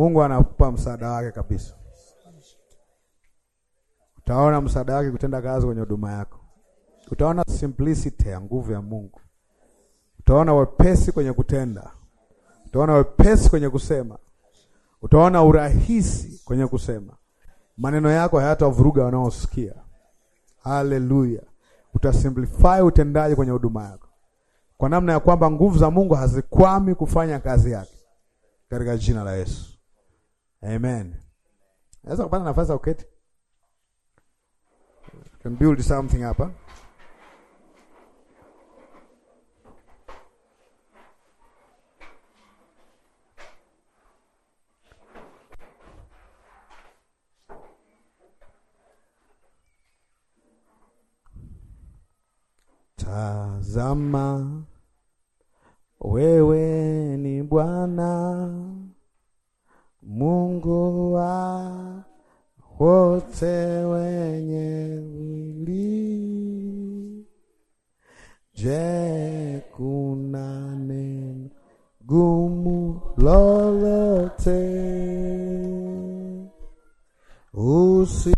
Mungu anakupa msaada wake kabisa. Utaona msaada wake kutenda kazi kwenye huduma yako. Utaona simplicity ya nguvu ya Mungu. Utaona wepesi kwenye kutenda. Utaona wepesi kwenye kusema. Utaona urahisi kwenye kusema. Maneno yako hayatavuruga wanaosikia. Haleluya! Utasimplify utendaji kwenye huduma yako kwa namna ya kwamba nguvu za Mungu hazikwami kufanya kazi yake, katika jina la Yesu. Amen. Naweza kupata nafasi ya kuketi? Can build something hapa. Tazama wewe ni Bwana Mungu wa wote wenye mwili. Je, kuna neno gumu lolote usi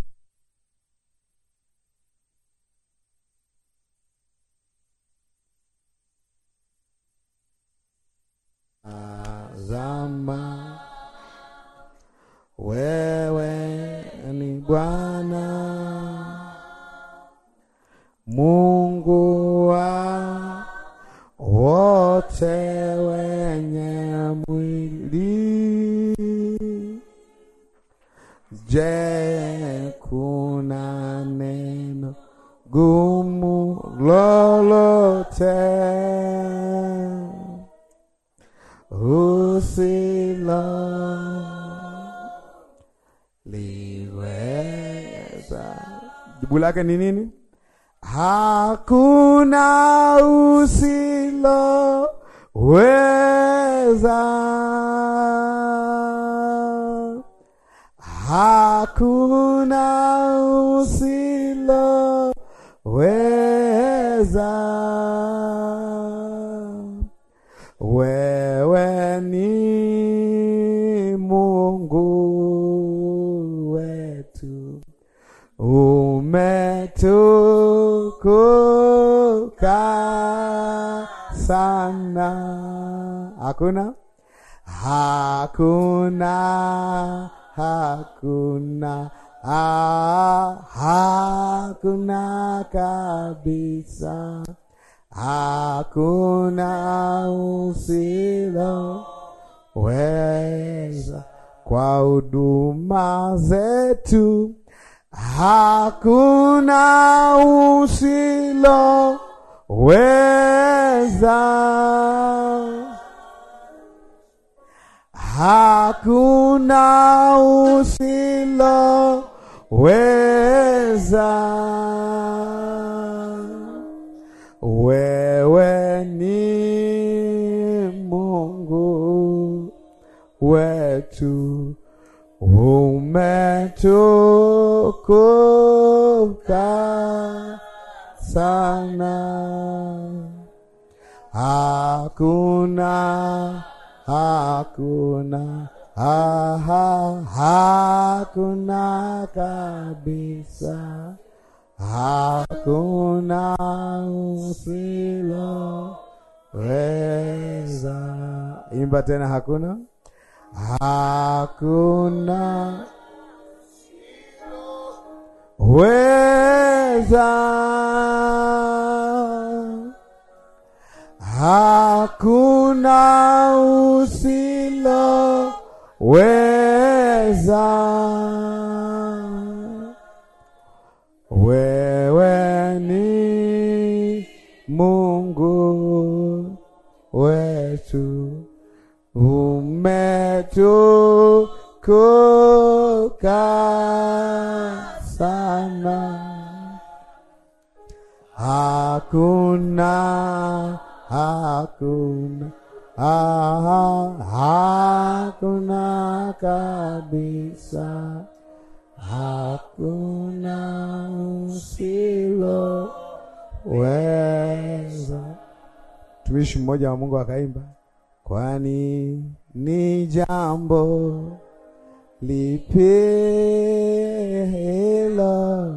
ah, zama Wewe ni Bwana Mungu wa wote wenye mwili. Je, kuna neno gumu lolote usilo Jibu lake ni nini? Hakuna usilo weza, hakuna usilo weza umetukuka sana. Hakuna, hakuna, hakuna Ah, hakuna kabisa, hakuna weza kwa huduma zetu Hakuna usiloweza, hakuna usiloweza, wewe ni Mungu wetu umetukuka sana, hakuna hakuna aha, hakuna kabisa, hakuna usiloweza. Imba tena, hakuna hakuna weza, hakuna usilo weza, wewe ni Mungu wetu um umetukuka sana, hakuna hakuna aha, hakuna kabisa, hakuna usilo weza. Mtumishi mmoja wa Mungu akaimba kwani ni jambo lipi hilo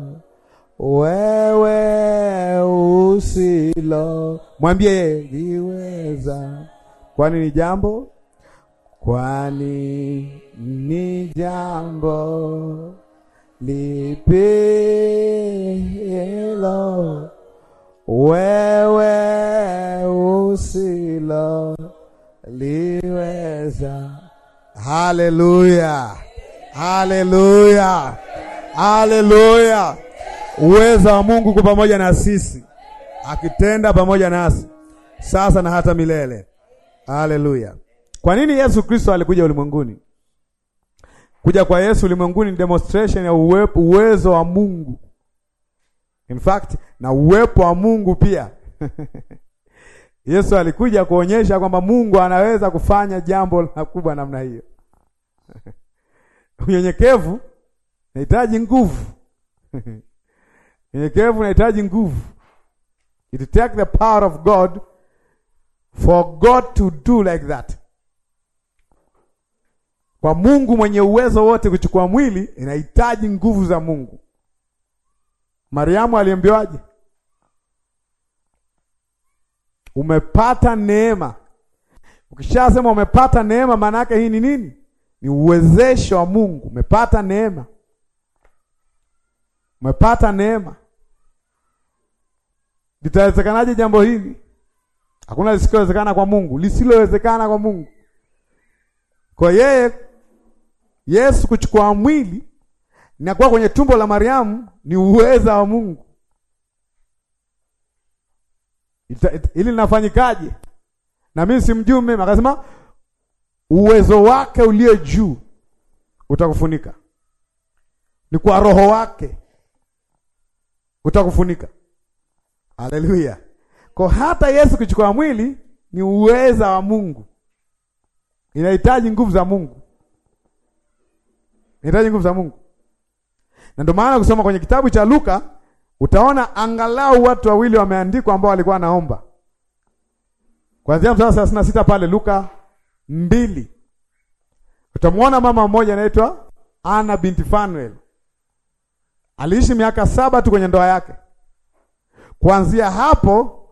wewe usilo mwambie liweza, kwani ni jambo kwani ni jambo lipi hilo wewe usilo liweza. Haleluya, haleluya, haleluya! Uweza wa Mungu ku pamoja na sisi, akitenda pamoja nasi sasa na hata milele. Haleluya! Kwa nini Yesu Kristo alikuja ulimwenguni? Kuja kwa Yesu ulimwenguni ni demonstration ya uwepo, uwezo wa Mungu in fact na uwepo wa Mungu pia Yesu alikuja kuonyesha kwamba Mungu anaweza kufanya jambo la kubwa namna hiyo. Unyenyekevu unahitaji nguvu. Unyenyekevu unahitaji nguvu. It take the power of God for God to do like that. Kwa Mungu mwenye uwezo wote kuchukua mwili inahitaji nguvu za Mungu. Mariamu aliambiwaje? Umepata neema. Ukishasema umepata neema, maana yake hii ni nini? Ni uwezesho wa Mungu. Umepata neema, umepata neema. Litawezekanaje jambo hili? Hakuna lisilowezekana kwa Mungu, lisilowezekana kwa Mungu. Kwa yeye Yesu kuchukua mwili na kuwa kwenye tumbo la Mariamu ni uweza wa Mungu ili linafanyikaje? Na mimi si mjumbe. Akasema uwezo wake ulio juu utakufunika, ni kwa roho wake utakufunika. Haleluya! Kwa hata Yesu kuchukua mwili ni uweza wa Mungu, inahitaji nguvu za Mungu, inahitaji nguvu za Mungu, na ndio maana kusoma kwenye kitabu cha Luka utaona angalau watu wawili wameandikwa ambao walikuwa naomba, kuanzia mstari thelathini na sita pale Luka mbili. Utamwona mama mmoja anaitwa Ana binti Fanuel, aliishi miaka saba tu kwenye ndoa yake. Kuanzia hapo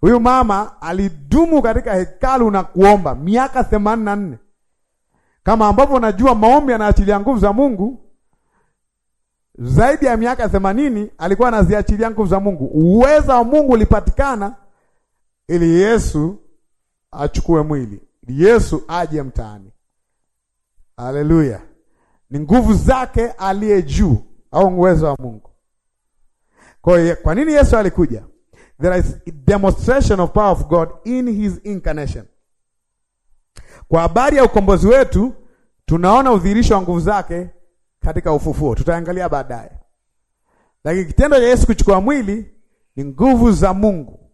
huyu mama alidumu katika hekalu na kuomba miaka themanini na nne. Kama ambavyo unajua maombi yanaachilia nguvu za Mungu, zaidi ya miaka themanini alikuwa anaziachilia nguvu za Mungu. Uweza wa Mungu ulipatikana ili Yesu achukue mwili, Yesu aje mtaani. Haleluya! Ni nguvu zake aliye juu, au uwezo wa Mungu. Kwa hiyo kwa nini Yesu alikuja? There is a demonstration of power of God in his incarnation. Kwa habari ya ukombozi wetu tunaona udhihirisho wa nguvu zake katika ufufuo, tutaangalia baadaye. Lakini kitendo cha Yesu kuchukua mwili ni nguvu za Mungu,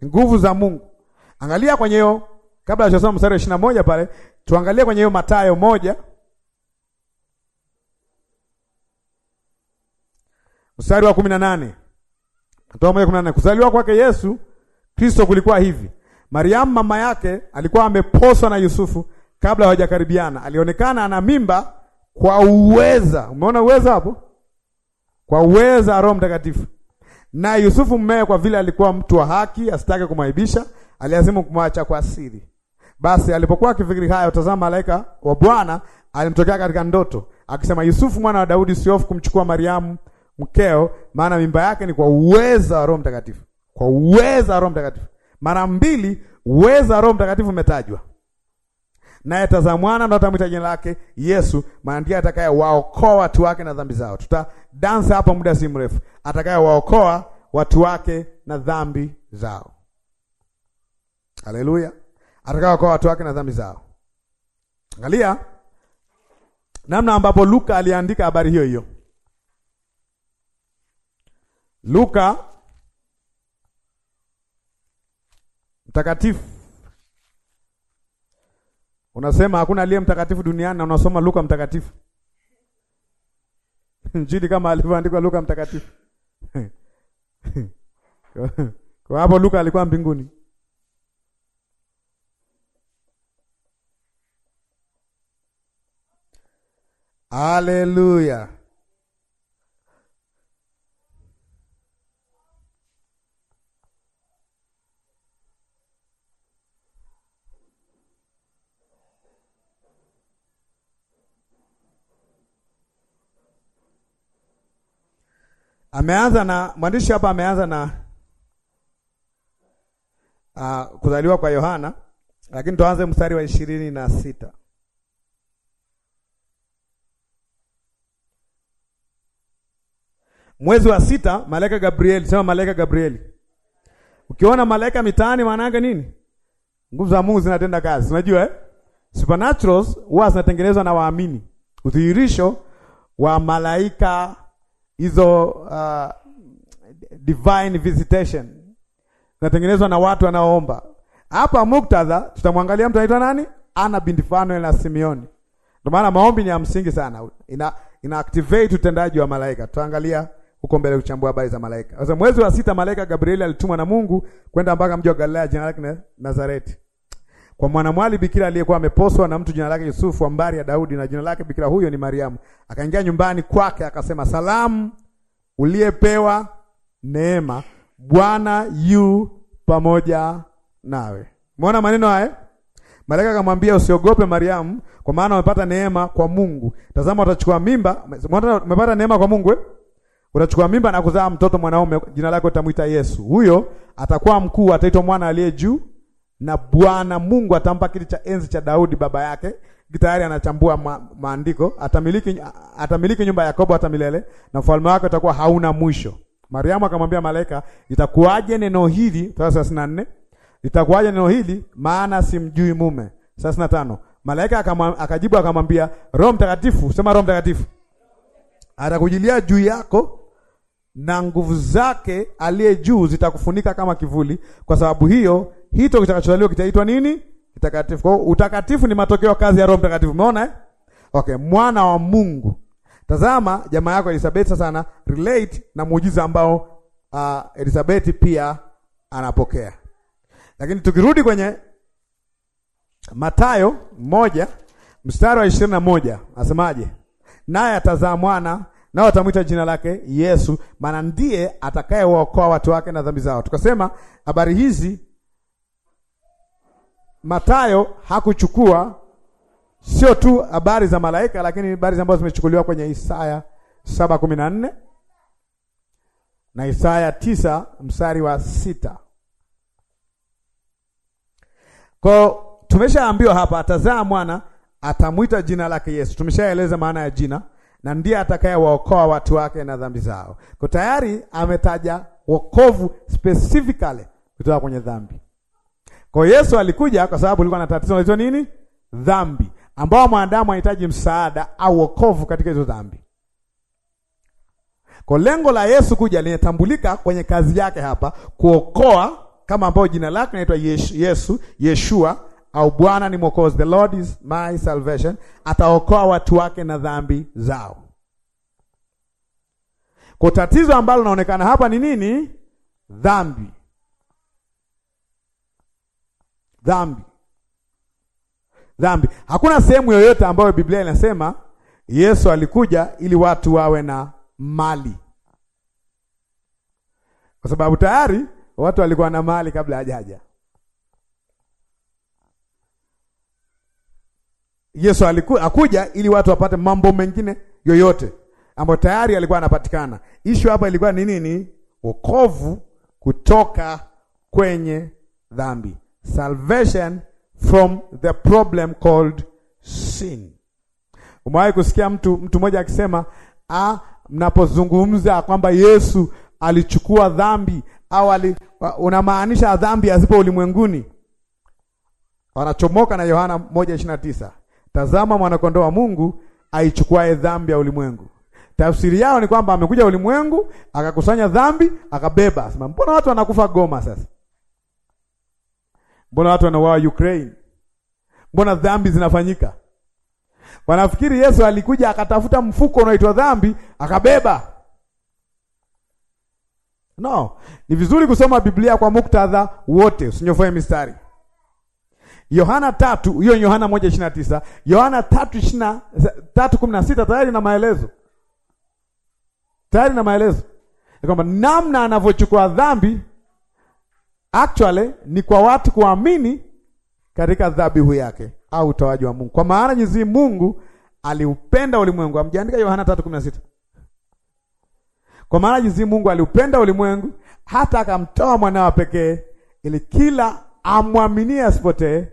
ni nguvu za Mungu. Angalia kwenye hiyo, kabla ya kusoma mstari wa ishirini na moja pale, tuangalie kwenye hiyo Mathayo moja mstari wa kumi na nane Mathayo moja kumi na nane Kuzaliwa kwake Yesu Kristo kulikuwa hivi: Mariamu mama yake alikuwa ameposwa na Yusufu kabla hawajakaribiana. Alionekana ana mimba kwa uweza. Umeona uweza hapo? Kwa uweza wa Roho Mtakatifu. Na Yusufu mmee kwa vile alikuwa mtu wa haki, asitake kumwaibisha, aliazimu kumwacha kwa siri. Basi alipokuwa akifikiri hayo, tazama, malaika wa Bwana alimtokea katika ndoto akisema, Yusufu mwana wa Daudi, usihofu kumchukua Mariamu mkeo, maana mimba yake ni kwa uweza wa Roho Mtakatifu. Kwa uweza wa Roho Mtakatifu. Mara mbili uweza wa Roho Mtakatifu umetajwa naye taza mwana ndo atamwita jina lake Yesu, maana ndiye atakayewaokoa watu wake na dhambi zao. tuta dansa hapa muda si mrefu, atakayewaokoa watu wake na dhambi zao. Haleluya, atakayewaokoa watu wake na dhambi zao. Angalia namna ambapo Luka aliandika habari hiyo hiyo. Luka mtakatifu Unasema hakuna aliye mtakatifu duniani na unasoma Luka mtakatifu. Injili kama alivyoandikwa Luka mtakatifu. Kwa hapo Luka alikuwa mbinguni. Hallelujah. Ameanza na mwandishi hapa ameanza na uh, kuzaliwa kwa Yohana, lakini tuanze mstari wa ishirini na sita. Mwezi wa sita, malaika Gabrieli, sema malaika Gabrieli. Ukiona malaika mitaani maana yake nini? Nguvu za Mungu zinatenda kazi. Unajua eh? Supernaturals huwa zinatengenezwa na waamini. Udhihirisho wa malaika hizo uh, divine visitation zinatengenezwa na watu wanaoomba. Hapa muktadha tutamwangalia mtu anaitwa nani? Ana binti Fanueli na Simeoni. Ndio maana maombi ni ya msingi sana, ina, ina activate utendaji wa malaika. Tutaangalia huko mbele kuchambua habari za malaika. Sasa mwezi wa sita malaika Gabrieli alitumwa na Mungu kwenda mpaka mji wa Galilaya jina lake Nazareti kwa mwanamwali bikira aliyekuwa ameposwa na mtu jina lake Yusufu, mbari ya Daudi, na jina lake bikira huyo ni Mariamu. Akaingia nyumbani kwake, akasema, salamu uliyepewa neema, Bwana yu pamoja nawe. Umeona maneno haya? Eh? Malaika akamwambia, usiogope Mariamu, kwa maana umepata neema kwa Mungu. Tazama, utachukua mimba. Umepata neema kwa Mungu eh? Utachukua mimba na kuzaa mtoto mwanaume, jina lake utamwita Yesu. Huyo atakuwa mkuu, ataitwa mwana aliye juu na Bwana Mungu atampa kiti cha enzi cha Daudi baba yake. Tayari anachambua ma, maandiko. Atamiliki, atamiliki nyumba ya Yakobo hata milele na ufalme wake utakuwa hauna mwisho. Mariamu akamwambia malaika, itakuwaje neno hili? Thelathini na nne, itakuwaje neno hili maana simjui mume. Thelathini na tano, malaika akajibu akamwambia, Roho Mtakatifu, sema Roho Mtakatifu atakujilia juu yako na nguvu zake aliye juu zitakufunika kama kivuli. Kwa sababu hiyo hito kitakachozaliwa kitaitwa nini? Kitakatifu. Kwa utakatifu ni matokeo kazi ya Roho Mtakatifu. Umeona eh? Okay, mwana wa Mungu. Tazama jamaa yako Elizabeth sasa ana relate na muujiza ambao uh, Elizabeth pia anapokea. Lakini tukirudi kwenye Mathayo moja mstari wa ishirini na moja nasemaje? Naye atazaa mwana nao atamwita jina lake Yesu, maana ndiye atakayewaokoa watu wake na dhambi zao. Tukasema habari hizi Matayo hakuchukua sio tu habari za malaika, lakini habari ambazo zimechukuliwa kwenye Isaya 7:14 na Isaya 9 mstari wa sita. Kwa tumeshaambiwa hapa, atazaa mwana, atamwita jina lake Yesu. Tumeshaeleza maana ya jina, na ndiye atakayewaokoa watu wake na dhambi zao. Kwa tayari ametaja wokovu specifically kutoka kwenye dhambi. Kwa Yesu alikuja kwa sababu alikuwa na tatizo la nini? Dhambi, ambao mwanadamu anahitaji msaada au wokovu katika hizo dhambi. Kwa lengo la Yesu kuja linatambulika kwenye kazi yake hapa kuokoa, kama ambao jina lake linaitwa Yesu, Yeshua au Bwana ni Mwokozi, the Lord is my salvation. Ataokoa watu wake na dhambi zao. Kwa tatizo ambalo linaonekana hapa ni nini? Dhambi dhambi, dhambi. Hakuna sehemu yoyote ambayo Biblia inasema Yesu alikuja ili watu wawe na mali, kwa sababu tayari watu walikuwa na mali kabla hajaja. Yesu alikuja akuja ili watu wapate mambo mengine yoyote ambayo tayari alikuwa anapatikana. Ishu hapa ilikuwa ni nini? Wokovu kutoka kwenye dhambi salvation from the problem called sin. Umewahi kusikia mtu mtu mmoja akisema ah, mnapozungumza kwamba Yesu alichukua dhambi au ali, unamaanisha dhambi hazipo ulimwenguni? Wanachomoka na Yohana 1:29. Tazama mwanakondoo wa Mungu aichukuae dhambi ya ulimwengu. Tafsiri yao ni kwamba amekuja ulimwengu akakusanya dhambi akabeba. Sema, mbona watu wanakufa Goma sasa? Mbona watu wanauawa Ukraine? Mbona dhambi zinafanyika? Wanafikiri Yesu alikuja akatafuta mfuko unaoitwa dhambi akabeba. No, ni vizuri kusoma Biblia kwa muktadha wote, usinyofoe mistari. Yohana tatu, hiyo Yohana 1:29, Yohana 3:16 tayari na maelezo. Tayari na maelezo. Ni kwamba namna anavyochukua dhambi actually ni kwa watu kuamini katika dhabihu yake au utoaji wa Mungu, kwa maana jinsi Mungu aliupenda ulimwengu. Amjiandika Yohana 3:16, kwa maana jinsi Mungu aliupenda ulimwengu hata akamtoa mwanawe pekee, ili kila amwaminie asipotee.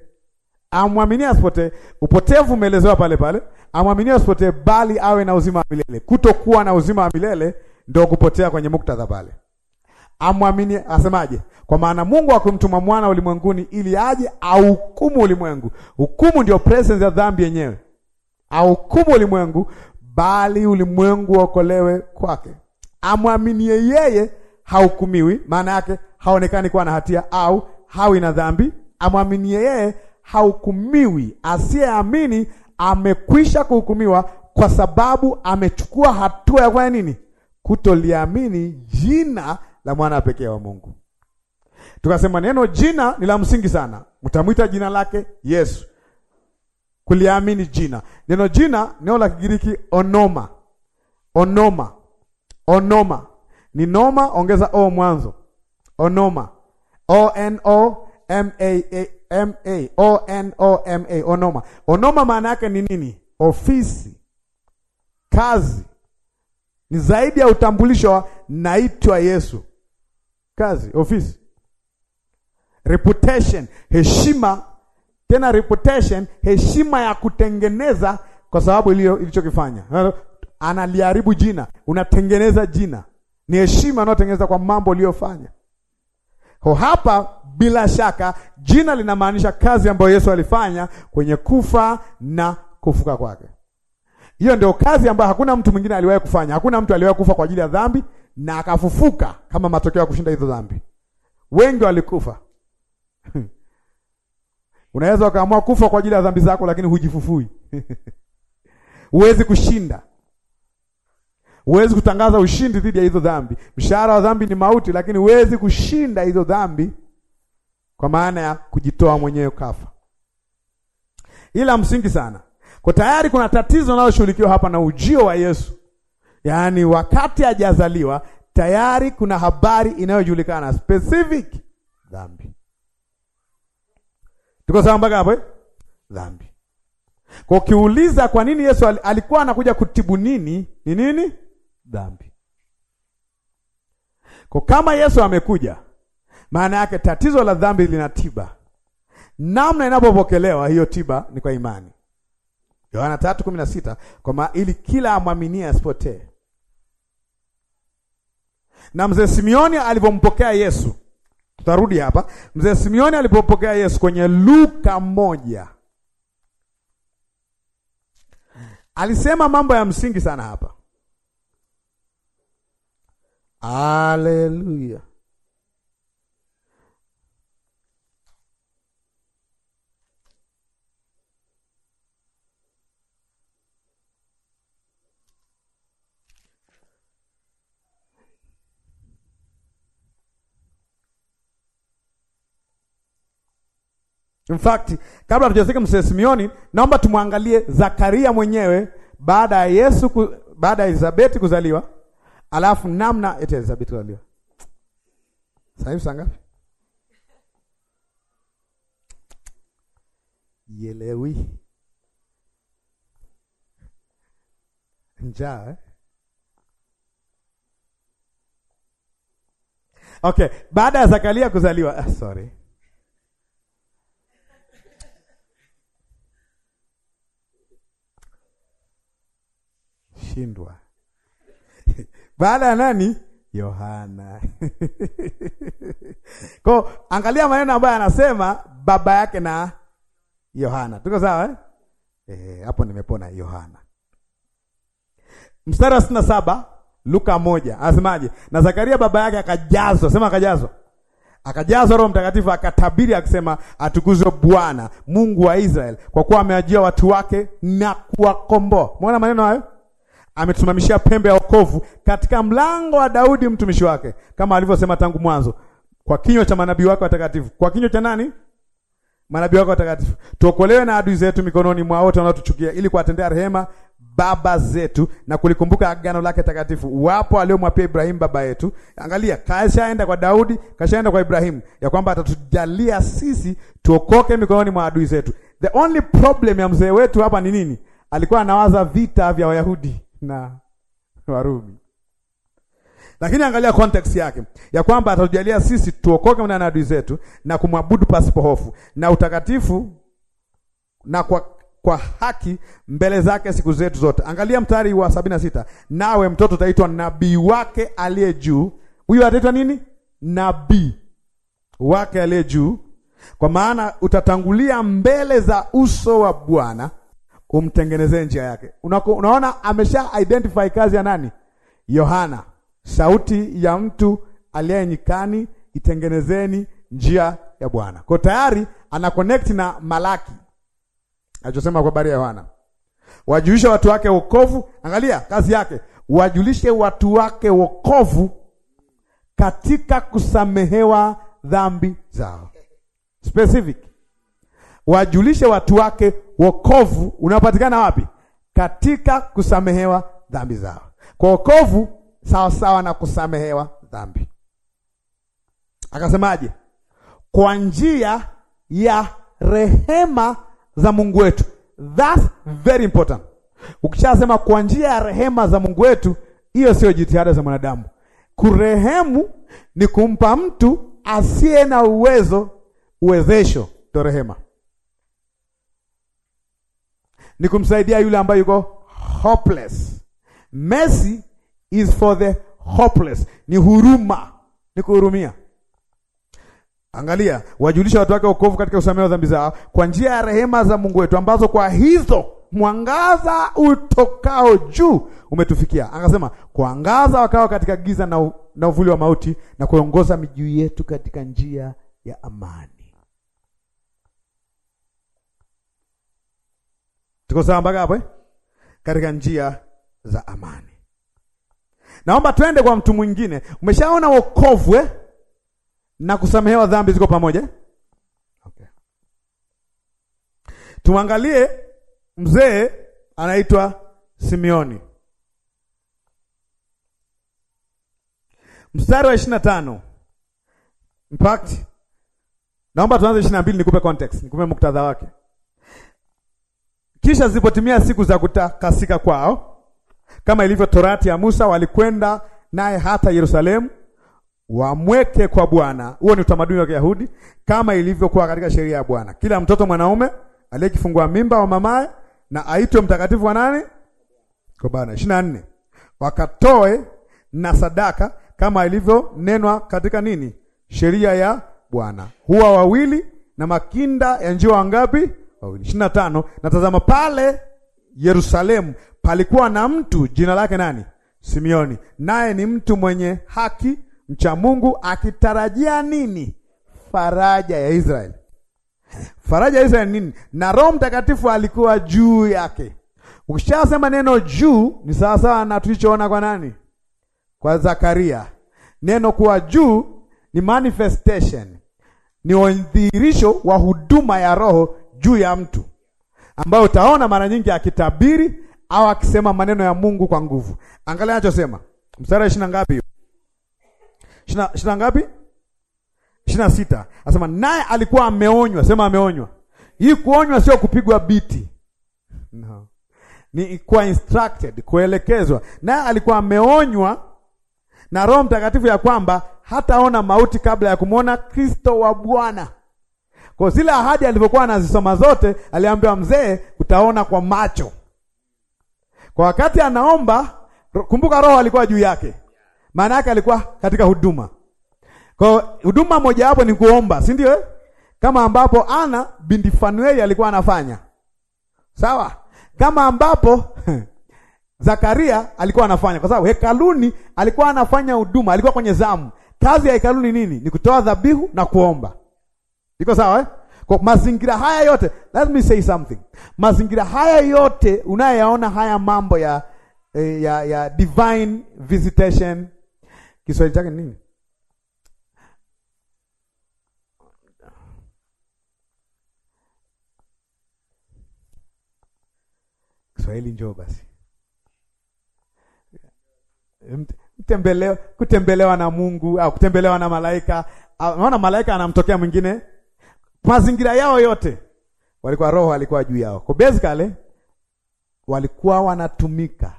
Amwaminie asipotee, upotevu umeelezewa pale pale. Amwaminie asipotee, bali awe na uzima wa milele. Kutokuwa na uzima wa milele ndio kupotea kwenye muktadha pale amwamini asemaje? Kwa maana Mungu akumtuma mwana ulimwenguni ili aje ahukumu ulimwengu. Hukumu ndio presence ya dhambi yenyewe, ahukumu ulimwengu, bali ulimwengu uokolewe kwake. Amwaminie yeye hahukumiwi, maana yake haonekani kuwa na hatia au hawi na dhambi. Amwaminie yeye hahukumiwi, asiyeamini amekwisha kuhukumiwa kwa sababu amechukua hatua ya kufanya nini? Kutoliamini jina la mwana pekee wa Mungu. Tukasema neno jina ni la msingi sana, utamwita jina lake Yesu, kuliamini jina. Neno jina, neno la Kigiriki onoma, onoma, onoma ni noma, ongeza o mwanzo, onoma, o n o m a m a o n o m a, onoma. Onoma maana yake ni nini? Ofisi, kazi, ni zaidi ya utambulisho wa naitwa Yesu kazi, ofisi, reputation, heshima tena reputation, heshima ya kutengeneza kwa sababu ilichokifanya. Analiharibu jina, unatengeneza jina, ni heshima anayotengeneza kwa mambo uliyofanya. Hapa bila shaka jina linamaanisha kazi ambayo Yesu alifanya kwenye kufa na kufuka kwake. Hiyo ndio kazi ambayo hakuna mtu mwingine aliwahi kufanya. Hakuna mtu aliwahi kufa kwa ajili ya dhambi, na akafufuka kama matokeo ya kushinda hizo dhambi. Wengi walikufa. Unaweza ukaamua kufa kwa ajili ya dhambi zako, lakini hujifufui huwezi kushinda, huwezi kutangaza ushindi dhidi ya hizo dhambi. Mshahara wa dhambi ni mauti, lakini huwezi kushinda hizo dhambi kwa maana ya kujitoa mwenyewe kafa. Ila msingi sana, kwa tayari kuna tatizo linaloshughulikiwa hapa na ujio wa Yesu yaani wakati hajazaliwa tayari kuna habari inayojulikana specific dhambi. Tuko sawa mpaka hapo eh? Dhambi. Kwa ukiuliza kwa nini Yesu alikuwa anakuja kutibu nini? Ni nini? Dhambi. Kwa kama Yesu amekuja, maana yake tatizo la dhambi lina tiba. Namna inapopokelewa hiyo tiba ni kwa imani. Yohana 3:16 kwa maana ili kila amwaminie asipotee na mzee Simioni alivyompokea Yesu. Tutarudi hapa. Mzee Simioni alipompokea Yesu kwenye Luka moja alisema mambo ya msingi sana hapa. Haleluya. In fact, kabla hatujafika mzee Simioni, naomba tumwangalie Zakaria mwenyewe baada ya Yesu ku, baada ya Elizabeth kuzaliwa, alafu namna eti Elizabeth kuzaliwa. Sasa hivi Yelewi. Njaa. Eh? Okay, baada ya Zakaria kuzaliwa, ah, sorry. kushindwa baada ya nani? Yohana. Kwa angalia maneno ambayo anasema baba yake na Yohana, tuko sawa eh? eh hapo e, nimepona. Yohana mstari wa sitini na saba Luka moja anasemaje? Na Zakaria baba yake akajazwa, sema akajazwa, akajazwa Roho Mtakatifu akatabiri akisema, atukuzwe Bwana Mungu wa Israeli, kwa kuwa amewajia watu wake na kuwakomboa. Muona maneno hayo ametusimamishia pembe ya wokovu katika mlango wa Daudi mtumishi wake, kama alivyosema tangu mwanzo, kwa kinywa cha manabii wake watakatifu. Kwa kinywa cha nani? Manabii wake watakatifu. Tuokolewe na adui zetu mikononi mwa wote wanaotuchukia, ili kuwatendea rehema baba zetu na kulikumbuka agano lake takatifu. Wapo aliomwapia Ibrahimu baba yetu. Angalia, kashaenda kwa Daudi, kashaenda kwa Ibrahimu, ya kwamba atatujalia sisi tuokoke mikononi mwa adui zetu. The only problem ya mzee wetu hapa ni nini? Alikuwa anawaza vita vya Wayahudi na Warumi. Lakini angalia context yake ya kwamba atatujalia sisi tuokoke na adui zetu na kumwabudu pasipo hofu na utakatifu na kwa, kwa haki mbele zake siku zetu zote. Angalia mstari wa sabini na sita. Nawe mtoto utaitwa nabii wake aliye juu. huyu ataitwa nini? Nabii wake aliye juu, kwa maana utatangulia mbele za uso wa Bwana kumtengenezea njia yake. Unako, unaona amesha identify kazi ya nani? Yohana, sauti ya mtu aliye nyikani, itengenezeni njia ya Bwana. Kwa tayari ana connect na Malaki alichosema kwa habari ya Yohana, wajulishe watu wake wokovu. Angalia kazi yake, wajulishe watu wake wokovu katika kusamehewa dhambi zao, specific wajulishe watu wake wokovu unapatikana wapi? Katika kusamehewa dhambi zao. Kwa wokovu sawasawa na kusamehewa dhambi. Akasemaje? Kwa njia ya rehema za Mungu wetu. That's very important. Ukishasema kwa njia ya rehema za Mungu wetu, hiyo sio jitihada za mwanadamu. Kurehemu ni kumpa mtu asiye na uwezo uwezesho, ndo rehema ni kumsaidia yule ambaye yuko hopeless. Mercy is for the hopeless, ni huruma, ni kuhurumia. Angalia, wajulisha watu wake wokovu katika usamehe dhambi zao kwa njia ya rehema za Mungu wetu, ambazo kwa hizo mwangaza utokao juu umetufikia. Akasema kuangaza wakawa katika giza na uvuli wa mauti, na kuongoza miguu yetu katika njia ya amani. Tukozaa mpaka hapo eh? Katika njia za amani. Naomba twende kwa mtu mwingine. Umeshaona wokovu eh? na kusamehewa dhambi ziko pamoja eh? Okay. Tumwangalie mzee anaitwa Simeoni. Mstari wa ishirini na tano. In fact, naomba tuanze ishirini na mbili nikupe context, nikupe muktadha wake. Kisha zilipotimia siku za kutakasika kwao, kama ilivyo torati ya Musa, walikwenda naye hata Yerusalemu wamweke kwa Bwana. Huo ni utamaduni wa Kiyahudi kama ilivyokuwa katika sheria ya Bwana. Kila mtoto mwanaume aliyekifungua mimba wa mamaye na aitwe mtakatifu wa nani? Kwa Bwana. 24. Wakatoe na sadaka kama ilivyonenwa katika nini? Sheria ya Bwana. Huwa wawili na makinda ya njiwa wangapi? ishirini na tano natazama pale Yerusalemu palikuwa na mtu jina lake nani? Simeoni, naye ni mtu mwenye haki, mcha Mungu, akitarajia nini? Faraja ya Israeli. Faraja ya Israeli nini? Na Roho Mtakatifu alikuwa juu yake. Ukishasema neno juu ni sawasawa na tulichoona kwa nani? Kwa Zakaria. Neno kuwa juu ni manifestation, ni udhihirisho wa huduma ya Roho juu ya mtu ambayo utaona mara nyingi akitabiri au akisema maneno ya Mungu kwa nguvu. Angalia anachosema mstari wa ishirini ngapi hiyo? ngapi? ishirini na sita. Anasema naye alikuwa ameonywa, sema ameonywa. Hii kuonywa sio kupigwa biti, no. Ni kuwa instructed, kuelekezwa. Naye alikuwa ameonywa na Roho Mtakatifu ya kwamba hataona mauti kabla ya kumwona Kristo wa Bwana. Kwa zile ahadi alivyokuwa anazisoma zote, aliambiwa mzee, utaona kwa macho. Kwa wakati anaomba, kumbuka roho alikuwa juu yake, maana yake alikuwa katika huduma. Kwa huduma moja hapo ni kuomba, si ndio? Eh? Kama ambapo Ana binti Fanueli alikuwa anafanya sawa, kama ambapo Zakaria alikuwa anafanya, kwa sababu hekaluni alikuwa anafanya huduma, alikuwa kwenye zamu. Kazi ya hekaluni nini? Ni kutoa dhabihu na kuomba. Iko sawa eh? Kwa mazingira haya yote, let me say something. Mazingira haya yote unayoyaona haya mambo ya eh, ya, ya divine visitation, Kiswahili chake nini? Kiswahili njoo basi, mtembeleo, kutembelewa na Mungu au kutembelewa na malaika. Unaona malaika anamtokea mwingine mazingira yao yote walikuwa roho alikuwa juu yao. Kwa basically walikuwa wanatumika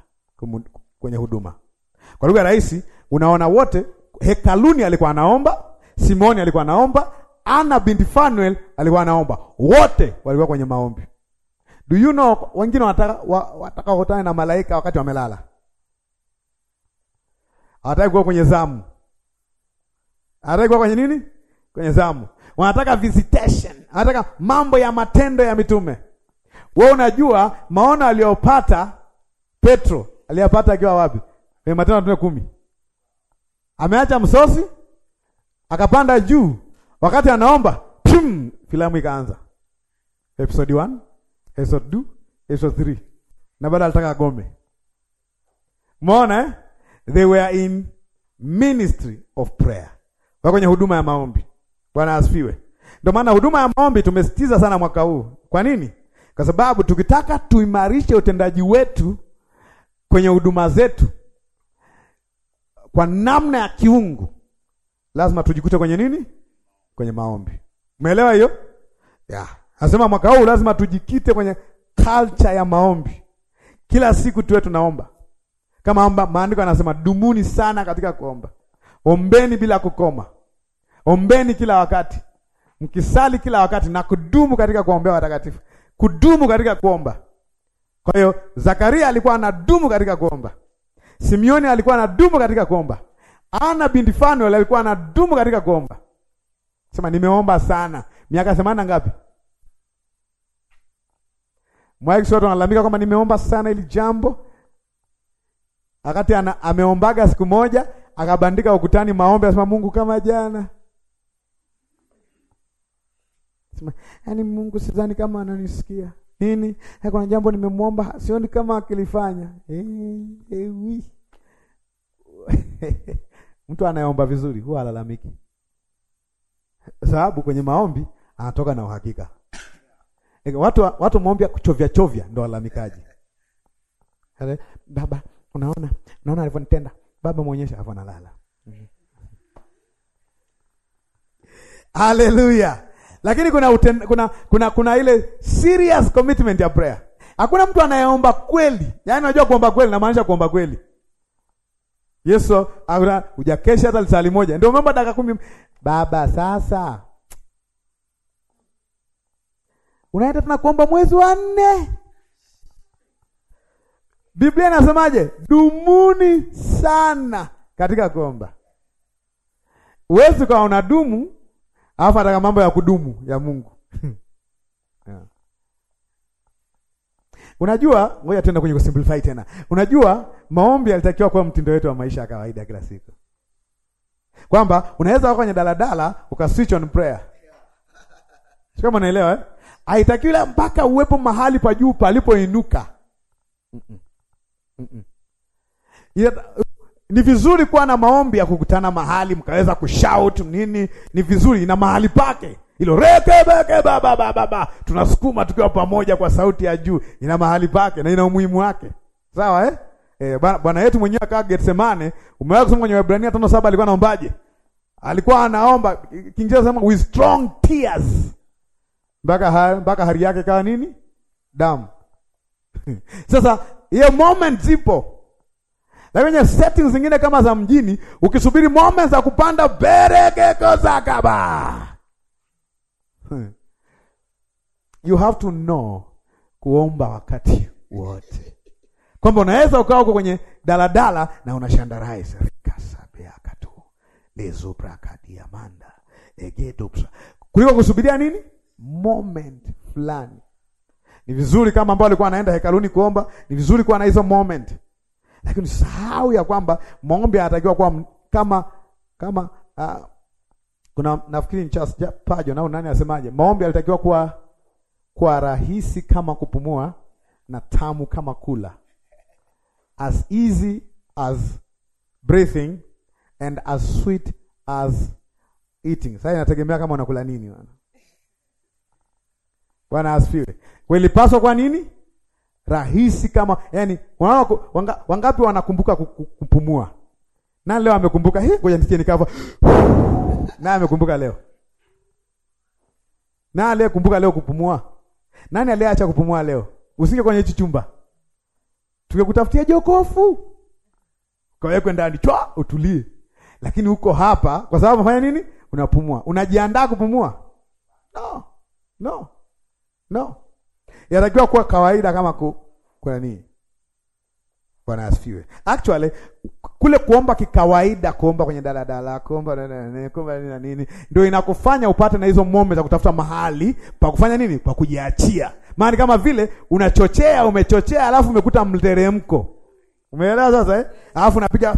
kwenye huduma. Kwa lugha rahisi, unaona wote hekaluni alikuwa anaomba, Simoni alikuwa anaomba, Ana binti Fanuel alikuwa anaomba. Wote walikuwa kwenye maombi. Do you know wengine wataka wa, wataka kukutana na malaika wakati wamelala. Hawataki kuwa kwenye zamu. Hawataki kuwa kwenye nini? Kwenye zamu wanataka visitation, wanataka mambo ya matendo ya mitume. We unajua maono aliyopata Petro aliyapata akiwa wapi? E, Matendo ya Mitume kumi. Ameacha msosi akapanda juu, wakati anaomba pum, filamu ikaanza, episode 1 episode 2 episode 3 na baada alitaka gome. Umeona eh? They were in ministry of prayer, wako kwenye huduma ya maombi. Bwana asifiwe. Ndio maana huduma ya maombi tumesitiza sana mwaka huu. Kwa nini? Kwa sababu tukitaka tuimarishe utendaji wetu kwenye huduma zetu kwa namna ya kiungu, lazima tujikute kwenye nini? Kwenye maombi. Umeelewa hiyo? Yeah. Nasema mwaka huu lazima tujikite kwenye culture ya maombi. Kila siku tuwe tunaomba. Kama maandiko yanasema dumuni sana katika kuomba. Ombeni bila kukoma. Ombeni kila wakati, mkisali kila wakati na kudumu katika kuombea watakatifu, kudumu katika kuomba. Kwa hiyo Zakaria alikuwa anadumu katika kuomba, Simeoni alikuwa anadumu katika kuomba, Ana binti Fanuel alikuwa anadumu katika kuomba. Sema nimeomba sana miaka themanini ngapi? Mwaikisoto analalamika kwamba nimeomba sana ili jambo, akati ana, ameombaga siku moja akabandika ukutani maombi, asema Mungu kama jana sema yaani, Mungu sidhani kama ananisikia nini, eh, kuna jambo nimemwomba sioni kama akilifanya. E, e, mtu anayeomba vizuri huwa alalamiki, sababu kwenye maombi anatoka na uhakika. E, watu watu maombi kuchovya chovya ndo alalamikaji. Baba, unaona unaona alivyonitenda baba, muonyesha hapo analala. Mm. Haleluya lakini kuna, uten, kuna kuna kuna ile serious commitment ya prayer. Hakuna mtu anayeomba kweli, yaani unajua kuomba kweli namaanisha kuomba kweli. Yesu ana hujakesha hata lisali moja, ndio umeomba dakika kumi. Baba sasa unaenda kuomba mwezi wa nne. Biblia inasemaje? Dumuni sana katika kuomba. Uwezi ukawa unadumu dumu Alafu anataka mambo ya kudumu ya Mungu. yeah. Unajua, ngoja tena kwenye kusimplify tena. Unajua, maombi yalitakiwa kuwa mtindo wetu wa maisha ya kawaida kila siku, kwamba unaweza kwenye daladala uka switch on prayer, Sio kama unaelewa eh? Haitakiwi mpaka uwepo mahali pa juu palipoinuka. mm -mm. mm -mm. Ni vizuri kuwa na maombi ya kukutana mahali mkaweza kushout nini, ni vizuri, ina mahali pake hilo rekebekebabababa, tunasukuma tukiwa pamoja kwa sauti ya juu, ina mahali pake na ina umuhimu wake, sawa eh? Eh, Bwana yetu mwenyewe akaa Getsemane. Umewahi kusoma kwenye Waebrania 5:7 alikuwa anaombaje? Alikuwa anaomba Kiingereza sema with strong tears mpaka hari, mpaka hari yake kawa nini damu. Sasa hiyo moment zipo na kwenye settings zingine kama za mjini, ukisubiri moments za kupanda berekeko za kaba hmm. you have to know kuomba wakati wote, kwamba unaweza ukawa huko kwenye daladala na unashandarai kasabeakatu lezubrakadiamanda egedopsa kuliko kusubiria nini moment fulani. Ni vizuri kama ambao alikuwa anaenda hekaluni kuomba, ni vizuri kuwa na hizo moment lakini sahau ya kwamba maombi anatakiwa kuwa kama kama uh, kuna nafikiri ni Charles Spurgeon au nani asemaje, maombi alitakiwa kuwa kwa rahisi kama kupumua na tamu kama kula, as easy as breathing and as sweet as eating. Sasa inategemea kama unakula nini bwana. Bwana asifiwe. Kweli paswa kwa nini rahisi kama yani, wanga, wangapi wanakumbuka kupumua? Na leo amekumbuka hii, ngoja nisikie nikava na amekumbuka leo. Na leo kumbuka leo kupumua. Nani aliacha kupumua leo? Usinge kwenye hichi chumba. Tungekutafutia jokofu. Kawekwe ndani chwa utulie. Lakini uko hapa kwa sababu unafanya nini? Unapumua. Unajiandaa kupumua? No. No. No. Yanatakiwa kuwa kawaida kama ku, kuna nini? Bwana asifiwe. Actually kule kuomba kikawaida, kuomba kwenye daladala, kuomba na nini, kuomba nini na nini, ndio inakufanya upate na hizo mombe za kutafuta mahali pa kufanya nini, pa kujiachia. Maana kama vile unachochea, umechochea, alafu umekuta mteremko. Umeelewa sasa eh? Alafu unapiga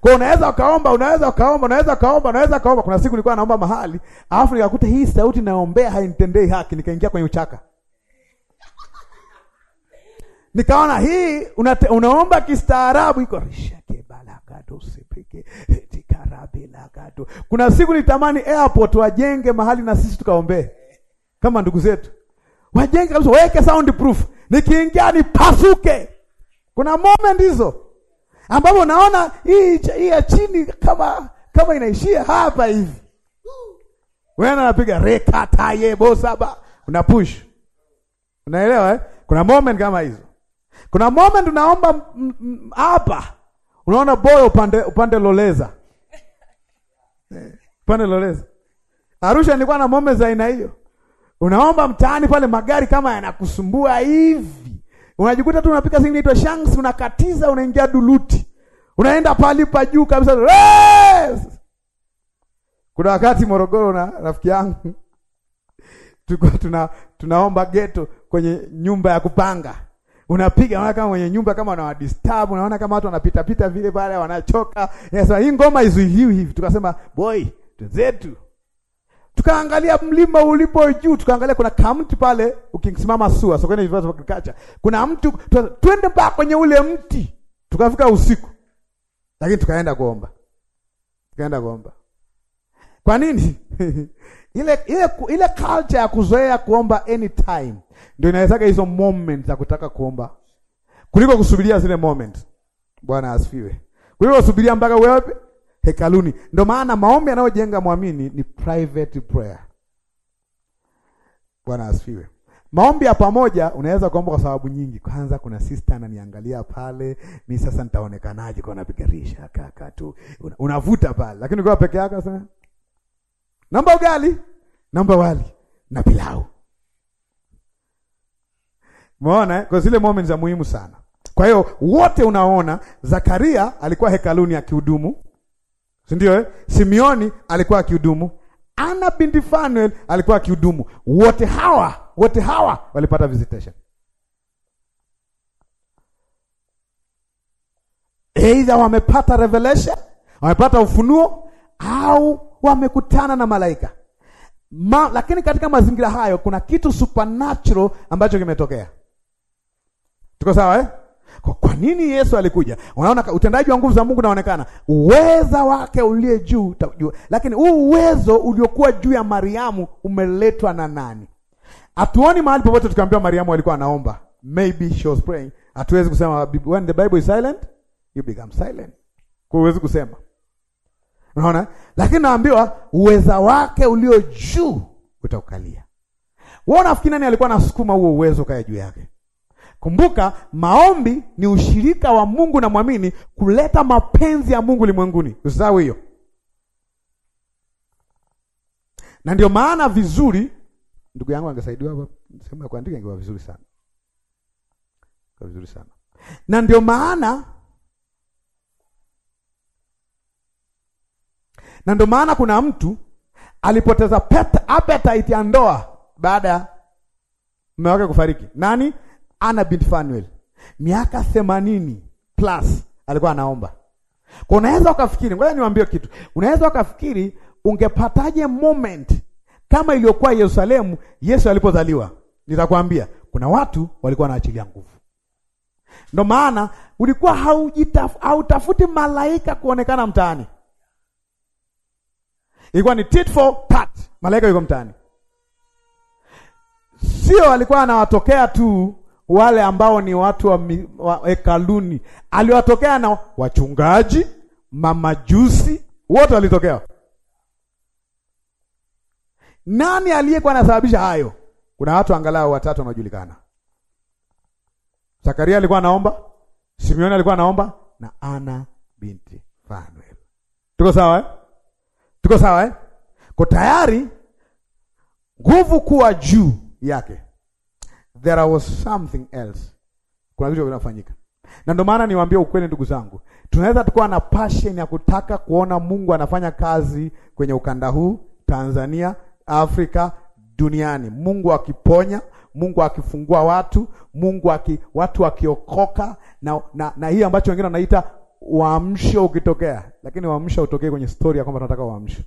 kwa, unaweza ukaomba, unaweza ukaomba, unaweza ukaomba, unaweza ukaomba. Kuna siku nilikuwa naomba mahali, alafu nikakuta hii sauti naombea hainitendei haki, nikaingia kwenye uchaka nikaona hii unate, unaomba kistaarabu iko kuna siku nitamani airport wajenge mahali na sisi tukaombe kama ndugu zetu wajenge kabisa, weke proof, nikiingia nipasuke. Kuna moment hizo ambapo naona hii hii ya chini kama kama inaishia hapa hivi, wewe anapiga rekata yebo saba, una push, unaelewa eh? Kuna moment kama hizo kuna moment unaomba hapa, unaona boy upande upande loleza eh, upande loleza. Arusha nilikuwa na moment za aina hiyo, unaomba mtaani pale, magari kama yanakusumbua hivi, unajikuta tu unapika simu inaitwa shanks, unakatiza, unaingia duluti, unaenda pali pa juu kabisa. Eh! Kuna wakati Morogoro na rafiki yangu tulikuwa tuna tunaomba geto kwenye nyumba ya kupanga Unapiga unaona kama mwenye nyumba kama wana disturb unaona kama watu wanapita pita vile pale wanachoka. Nasema hii ngoma izuiliwi hivi. Tukasema boy, zetu Tukaangalia mlima ulipo juu, tukaangalia kuna kamti pale ukisimama sua. So kwenye vivyo kacha. Kuna mtu twende mpaka kwenye ule mti. Tukafika usiku. Lakini tukaenda kuomba. Tukaenda kuomba. Kwa nini? ile ile ile culture ya kuzoea kuomba anytime ndio inawezaga hizo moment za kutaka kuomba kuliko kusubiria zile moment. Bwana asifiwe. Kuliko kusubiria mpaka wewe hekaluni. Ndio maana maombi yanayojenga mwamini ni private prayer. Bwana asifiwe. Maombi ya pamoja unaweza kuomba kwa sababu nyingi. Kwanza kuna sister ananiangalia pale, mi sasa nitaonekanaje kwa napiga risha kaka tu. Unavuta pale. Lakini ukiwa peke yako sasa Namba ugali, namba wali na pilau. Umeona eh? Kwa zile moments za muhimu sana. Kwa hiyo wote unaona Zakaria alikuwa hekaluni akihudumu. Si ndio eh? Simioni alikuwa akihudumu. Ana binti Fanuel alikuwa akihudumu. Wote hawa, wote hawa walipata visitation. Aidha wamepata revelation, wamepata ufunuo au wamekutana na malaika Ma, lakini katika mazingira hayo kuna kitu supernatural ambacho kimetokea. Tuko sawa eh? Kwa, kwa nini Yesu alikuja? Unaona utendaji wa nguvu za Mungu unaonekana, uweza wake uliye juu utajua. Lakini huu uwezo uliokuwa juu ya Mariamu umeletwa na nani? Hatuoni mahali popote tukiambiwa Mariamu alikuwa anaomba. Maybe she was praying. Hatuwezi kusema when the Bible is silent, you become silent. Kwa huwezi kusema Unaona? Lakini naambiwa uweza wake ulio juu utakukalia. Wewe unafikiri nani alikuwa anasukuma huo uwezo kaya juu yake? Kumbuka, maombi ni ushirika wa Mungu na mwamini kuleta mapenzi ya Mungu limwenguni. Usisahau hiyo, na ndio maana vizuri, ndugu yangu angesaidiwa hapa sema kuandika, ingekuwa vizuri sana, kwa vizuri sana, na ndio maana Na ndio maana kuna mtu alipoteza appetite ya ndoa baada ya mume wake kufariki. Nani? Ana binti Fanuel, miaka themanini plus alikuwa anaomba. Kwa unaweza ukafikiri, ngoja niwaambie kitu, unaweza ukafikiri ungepataje moment kama iliyokuwa Yerusalemu Yesu alipozaliwa. Nitakwambia kuna watu walikuwa wanaachilia nguvu. Ndio maana ulikuwa hautafuti malaika kuonekana mtaani. Ilikuwa ni tit for tat. Malaika yuko mtaani. Sio alikuwa anawatokea tu wale ambao ni watu wa, hekaluni, wa Aliwatokea na wachungaji, mamajusi, wote walitokea. Nani aliyekuwa anasababisha hayo? Kuna watu angalau watatu wanaojulikana. Zakaria alikuwa anaomba, Simeoni alikuwa anaomba na Ana binti Fanuel. Tuko sawa eh? Tuko sawa eh? Kwa tayari nguvu kuwa juu yake. There was something else. Kuna kitu kinafanyika. Na ndio maana niwaambie ukweli, ndugu zangu, tunaweza tukawa na passion ya kutaka kuona Mungu anafanya kazi kwenye ukanda huu, Tanzania, Afrika, duniani. Mungu akiponya, Mungu akifungua watu, Mungu aki, watu akiokoka na, na, na hii ambacho wengine wanaita uamsho ukitokea, lakini uamsho utokee kwenye story ya kwamba tunataka uamsho,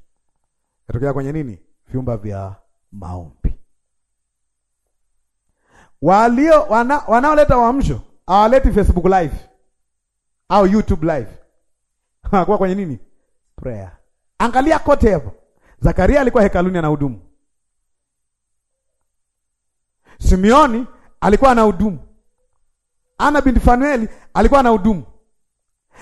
atokea kwenye nini? Vyumba vya maombi. Walio wanaoleta wana uamsho hawaleti Facebook live au YouTube live, wanakuwa kwenye nini? Prayer. Angalia kote hapo, Zakaria alikuwa hekaluni anahudumu, Simeoni alikuwa anahudumu, Ana binti Fanueli alikuwa anahudumu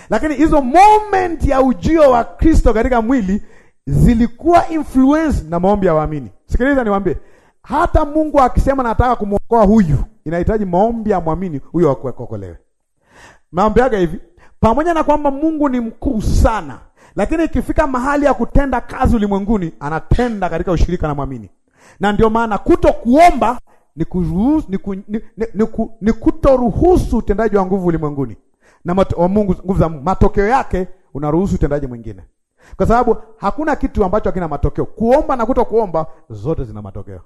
lakini hizo moment ya ujio wa Kristo katika mwili zilikuwa influence na maombi ya waamini. Sikiliza niwaambie, hata Mungu akisema nataka kumwokoa huyu, inahitaji maombi ya mwamini huyo akuokolewe. Maombi yake hivi, pamoja na kwamba Mungu ni mkuu sana, lakini ikifika mahali ya kutenda kazi ulimwenguni, anatenda katika ushirika na mwamini, na ndio maana kuto kuomba ni kuruhusu, ni, ku, ni, ni, ni, ni, ni kutoruhusu utendaji wa nguvu ulimwenguni na wa Mungu, nguvu za Mungu. Matokeo yake unaruhusu utendaji mwingine, kwa sababu hakuna kitu ambacho hakina matokeo. Kuomba na kuto kuomba zote zina matokeo,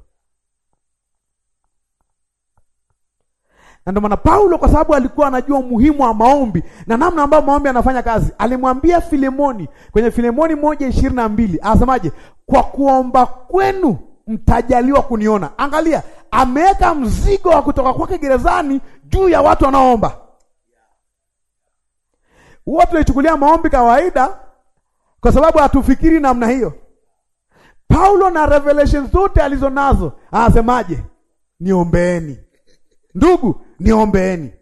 na ndio maana Paulo, kwa sababu alikuwa anajua umuhimu wa maombi na namna ambayo maombi anafanya kazi, alimwambia Filemoni kwenye Filemoni moja ishirini na mbili anasemaje? Kwa kuomba kwenu mtajaliwa kuniona. Angalia, ameweka mzigo wa kutoka kwake gerezani juu ya watu wanaoomba. Huwa tunaichukulia maombi kawaida kwa sababu hatufikiri namna hiyo. Paulo na Revelation zote alizonazo anasemaje? Niombeeni ndugu, niombeeni.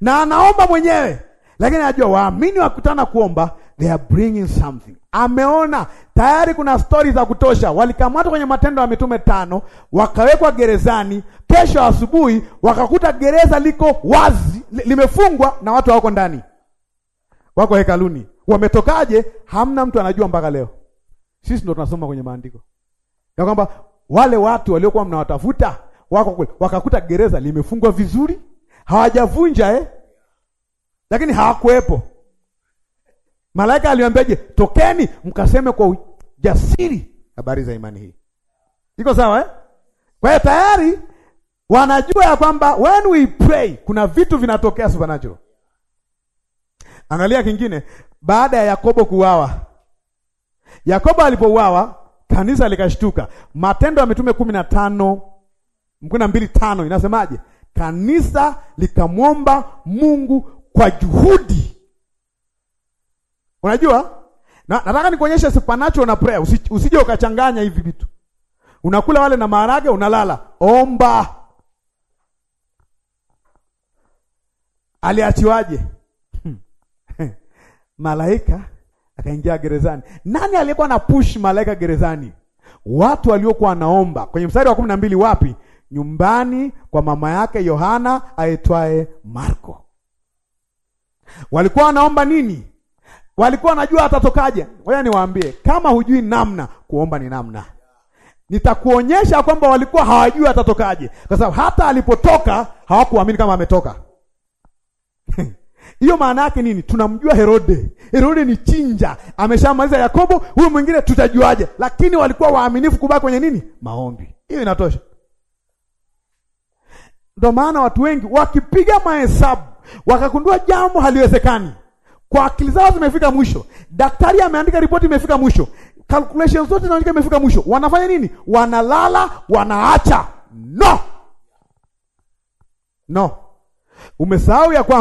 Na anaomba mwenyewe, lakini anajua waamini wakutana kuomba, they are bringing something. Ameona tayari kuna stori za kutosha. Walikamatwa kwenye Matendo ya Mitume tano, wakawekwa gerezani. Kesho asubuhi wakakuta gereza liko wazi, limefungwa na watu hawako ndani wako hekaluni. Wametokaje? Hamna mtu anajua mpaka leo. Sisi ndo tunasoma kwenye maandiko ya kwamba wale watu waliokuwa mnawatafuta wako kule, wakakuta gereza limefungwa vizuri, hawajavunja eh, lakini hawakuwepo. Malaika aliwaambiaje? Tokeni mkaseme kwa ujasiri habari za imani hii. Iko sawa eh? Kwa hiyo tayari wanajua ya kwamba when we pray kuna vitu vinatokea supernatural. Angalia kingine, baada ya Yakobo kuuawa. Yakobo alipouawa kanisa likashtuka. Matendo ya Mitume kumi na tano kumi na mbili tano inasemaje? Kanisa likamwomba Mungu kwa juhudi. Unajua na, nataka nikuonyeshe supernatural na prayer. usije ukachanganya hivi vitu. Unakula wale na maharage, unalala omba. Aliachiwaje? malaika akaingia gerezani. Nani aliyekuwa na push malaika gerezani? Watu waliokuwa wanaomba. Kwenye mstari wa kumi na mbili wapi? Nyumbani kwa mama yake Yohana aitwaye Marko. Walikuwa wanaomba nini? Walikuwa wanajua atatokaje. Ngoja niwaambie, kama hujui namna kuomba ni namna nitakuonyesha kwamba walikuwa hawajui atatokaje, kwa sababu hata alipotoka hawakuamini kama ametoka. Hiyo maana yake nini? Tunamjua Herode. Herode ni chinja, ameshamaliza Yakobo, huyu mwingine tutajuaje? Lakini walikuwa waaminifu kubaki kwenye nini? Maombi. Hiyo inatosha. Ndio maana watu wengi wakipiga mahesabu wakagundua jambo haliwezekani, kwa akili zao zimefika mwisho. Daktari ameandika ripoti imefika mwisho, calculations zote zinaonyesha imefika mwisho. Wanafanya nini? Wanalala, wanaacha. No, no, umesahau ya kwamba